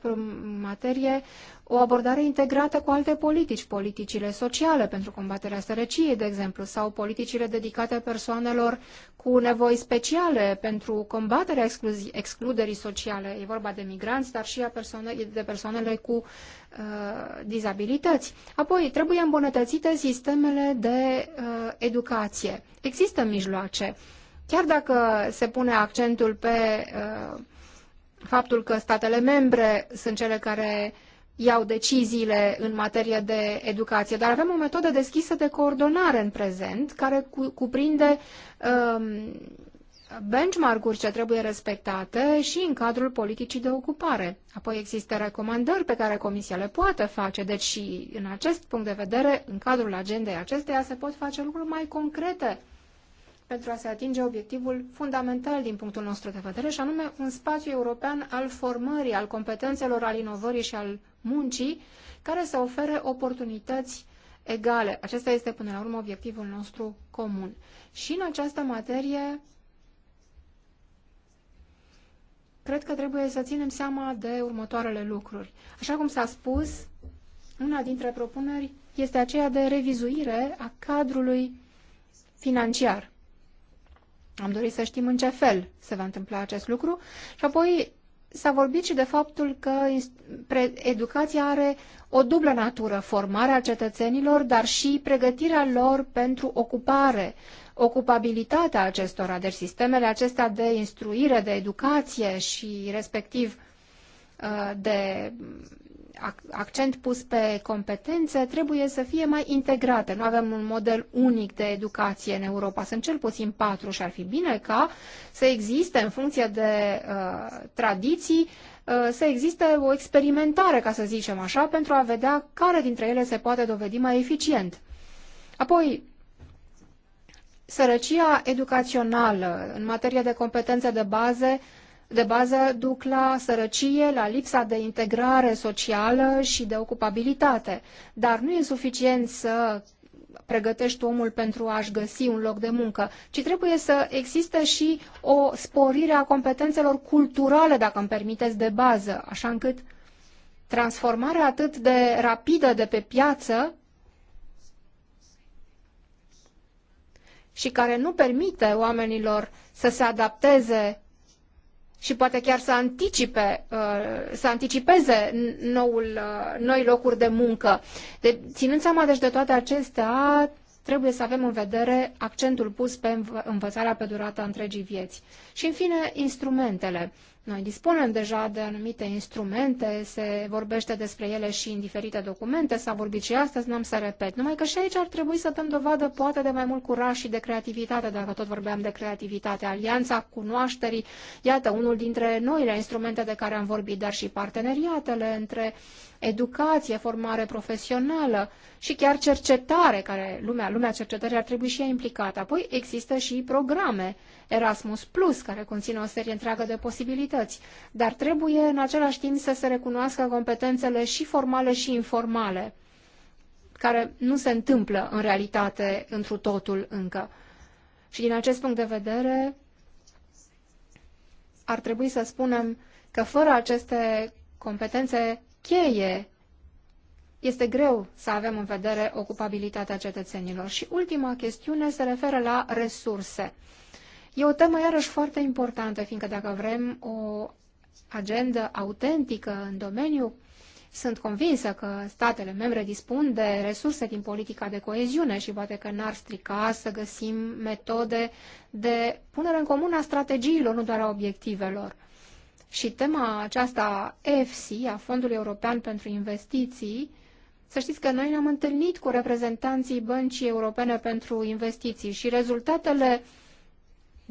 materie o abordare integrată cu alte politici, politicile sociale pentru combaterea sărăciei, de exemplu, sau politicile dedicate persoanelor cu nevoi speciale pentru combaterea excluderii sociale. E vorba de migranți, dar și persoane, de persoanele cu uh, dizabilități. Apoi, trebuie îmbunătățite sistemele de uh, educație. Există mijloace. Uh, Chiar dacă se pune accentul pe uh, faptul că statele membre sunt cele care iau deciziile în materie de educație, dar avem o metodă deschisă de coordonare în prezent, care cuprinde um, benchmark-uri ce trebuie respectate și în cadrul politicii de ocupare. Apoi există recomandări pe care Comisia le poate face, deci și în acest punct de vedere, în cadrul agendei acesteia, se pot face lucruri mai concrete pentru a se atinge obiectivul fundamental din punctul nostru de vedere, și anume un spațiu european al formării, al competențelor, al inovării și al muncii, care să ofere oportunități egale. Acesta este până la urmă obiectivul nostru comun. Și în această materie cred că trebuie să ținem seama de următoarele lucruri. Așa cum s-a spus, una dintre propuneri este aceea de revizuire a cadrului financiar. Am dorit să știm în ce fel se va întâmpla acest lucru și apoi s-a vorbit și de faptul că educația are o dublă natură, formarea cetățenilor, dar și pregătirea lor pentru ocupare, ocupabilitatea acestora, deci sistemele acestea de instruire, de educație și respectiv uh, de accent pus pe competențe trebuie să fie mai integrate. Nu avem un model unic de educație în Europa. Sunt cel puțin patru și ar fi bine ca să existe, în funcție de uh, tradiții, uh, să existe o experimentare, ca să zicem așa, pentru a vedea care dintre ele se poate dovedi mai eficient. Apoi, sărăcia educațională în materie de competențe de bază de bază duc la sărăcie, la lipsa de integrare socială și de ocupabilitate. Dar nu e suficient să pregătești omul pentru a-și găsi un loc de muncă, ci trebuie să existe și o sporire a competențelor culturale, dacă îmi permiteți, de bază, așa încât transformarea atât de rapidă de pe piață și care nu permite oamenilor să se adapteze și poate chiar să, anticipe, uh, să anticipeze noul, uh, noi locuri de muncă. De, ținând seama deci de toate acestea, trebuie să avem în vedere accentul pus pe învățarea pe durata întregii vieți. Și, în fine, instrumentele. Noi dispunem deja de anumite instrumente, se vorbește despre ele și în diferite documente, s-a vorbit și astăzi, n-am să repet. Numai că și aici ar trebui să dăm dovadă poate de mai mult curaj și de creativitate, dacă tot vorbeam de creativitate. Alianța cunoașterii, iată, unul dintre noile instrumente de care am vorbit, dar și parteneriatele între educație, formare profesională și chiar cercetare, care lumea, lumea cercetării ar trebui și ea implicată. Apoi există și programe Erasmus Plus, care conține o serie întreagă de posibilități, dar trebuie în același timp să se recunoască competențele și formale și informale, care nu se întâmplă în realitate întru totul încă. Și din acest punct de vedere, ar trebui să spunem că fără aceste competențe cheie este greu să avem în vedere ocupabilitatea cetățenilor. Și ultima chestiune se referă la resurse. E o temă iarăși foarte importantă, fiindcă dacă vrem o agendă autentică în domeniu, sunt convinsă că statele membre dispun de resurse din politica de coeziune și poate că n-ar strica să găsim metode de punere în comun a strategiilor, nu doar a obiectivelor. Și tema aceasta EFSI, a Fondului European pentru Investiții, să știți că noi ne-am întâlnit cu reprezentanții Băncii Europene pentru Investiții și rezultatele uh,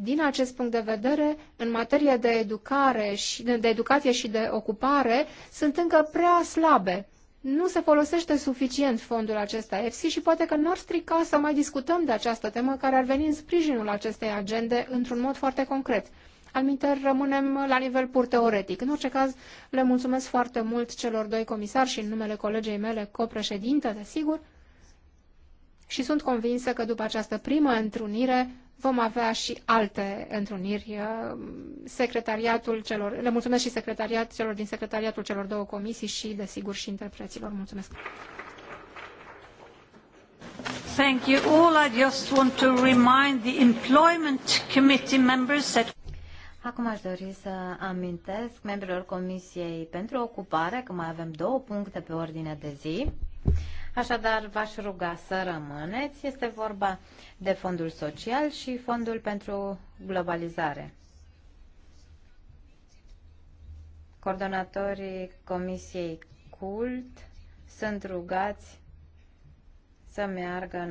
din acest punct de vedere, în materie de, educare și, de educație și de ocupare, sunt încă prea slabe. Nu se folosește suficient fondul acesta EFSI și poate că n-ar strica să mai discutăm de această temă care ar veni în sprijinul acestei agende într-un mod foarte concret. Alminter, rămânem la nivel pur teoretic. În orice caz, le mulțumesc foarte mult celor doi comisari și în numele colegei mele copreședinte, desigur, și sunt convinsă că după această primă întrunire vom avea și alte întruniri. Uh, secretariatul celor, le mulțumesc și secretariat, celor din secretariatul celor două comisii și, desigur, și interpreților. Mulțumesc! Thank you all. I just want to remind the Employment Committee members that Acum aș dori să amintesc membrilor Comisiei pentru Ocupare că mai avem două puncte pe ordine de zi. Așadar, v-aș ruga să rămâneți. Este vorba de fondul social și fondul pentru globalizare. Coordonatorii Comisiei CULT sunt rugați să meargă în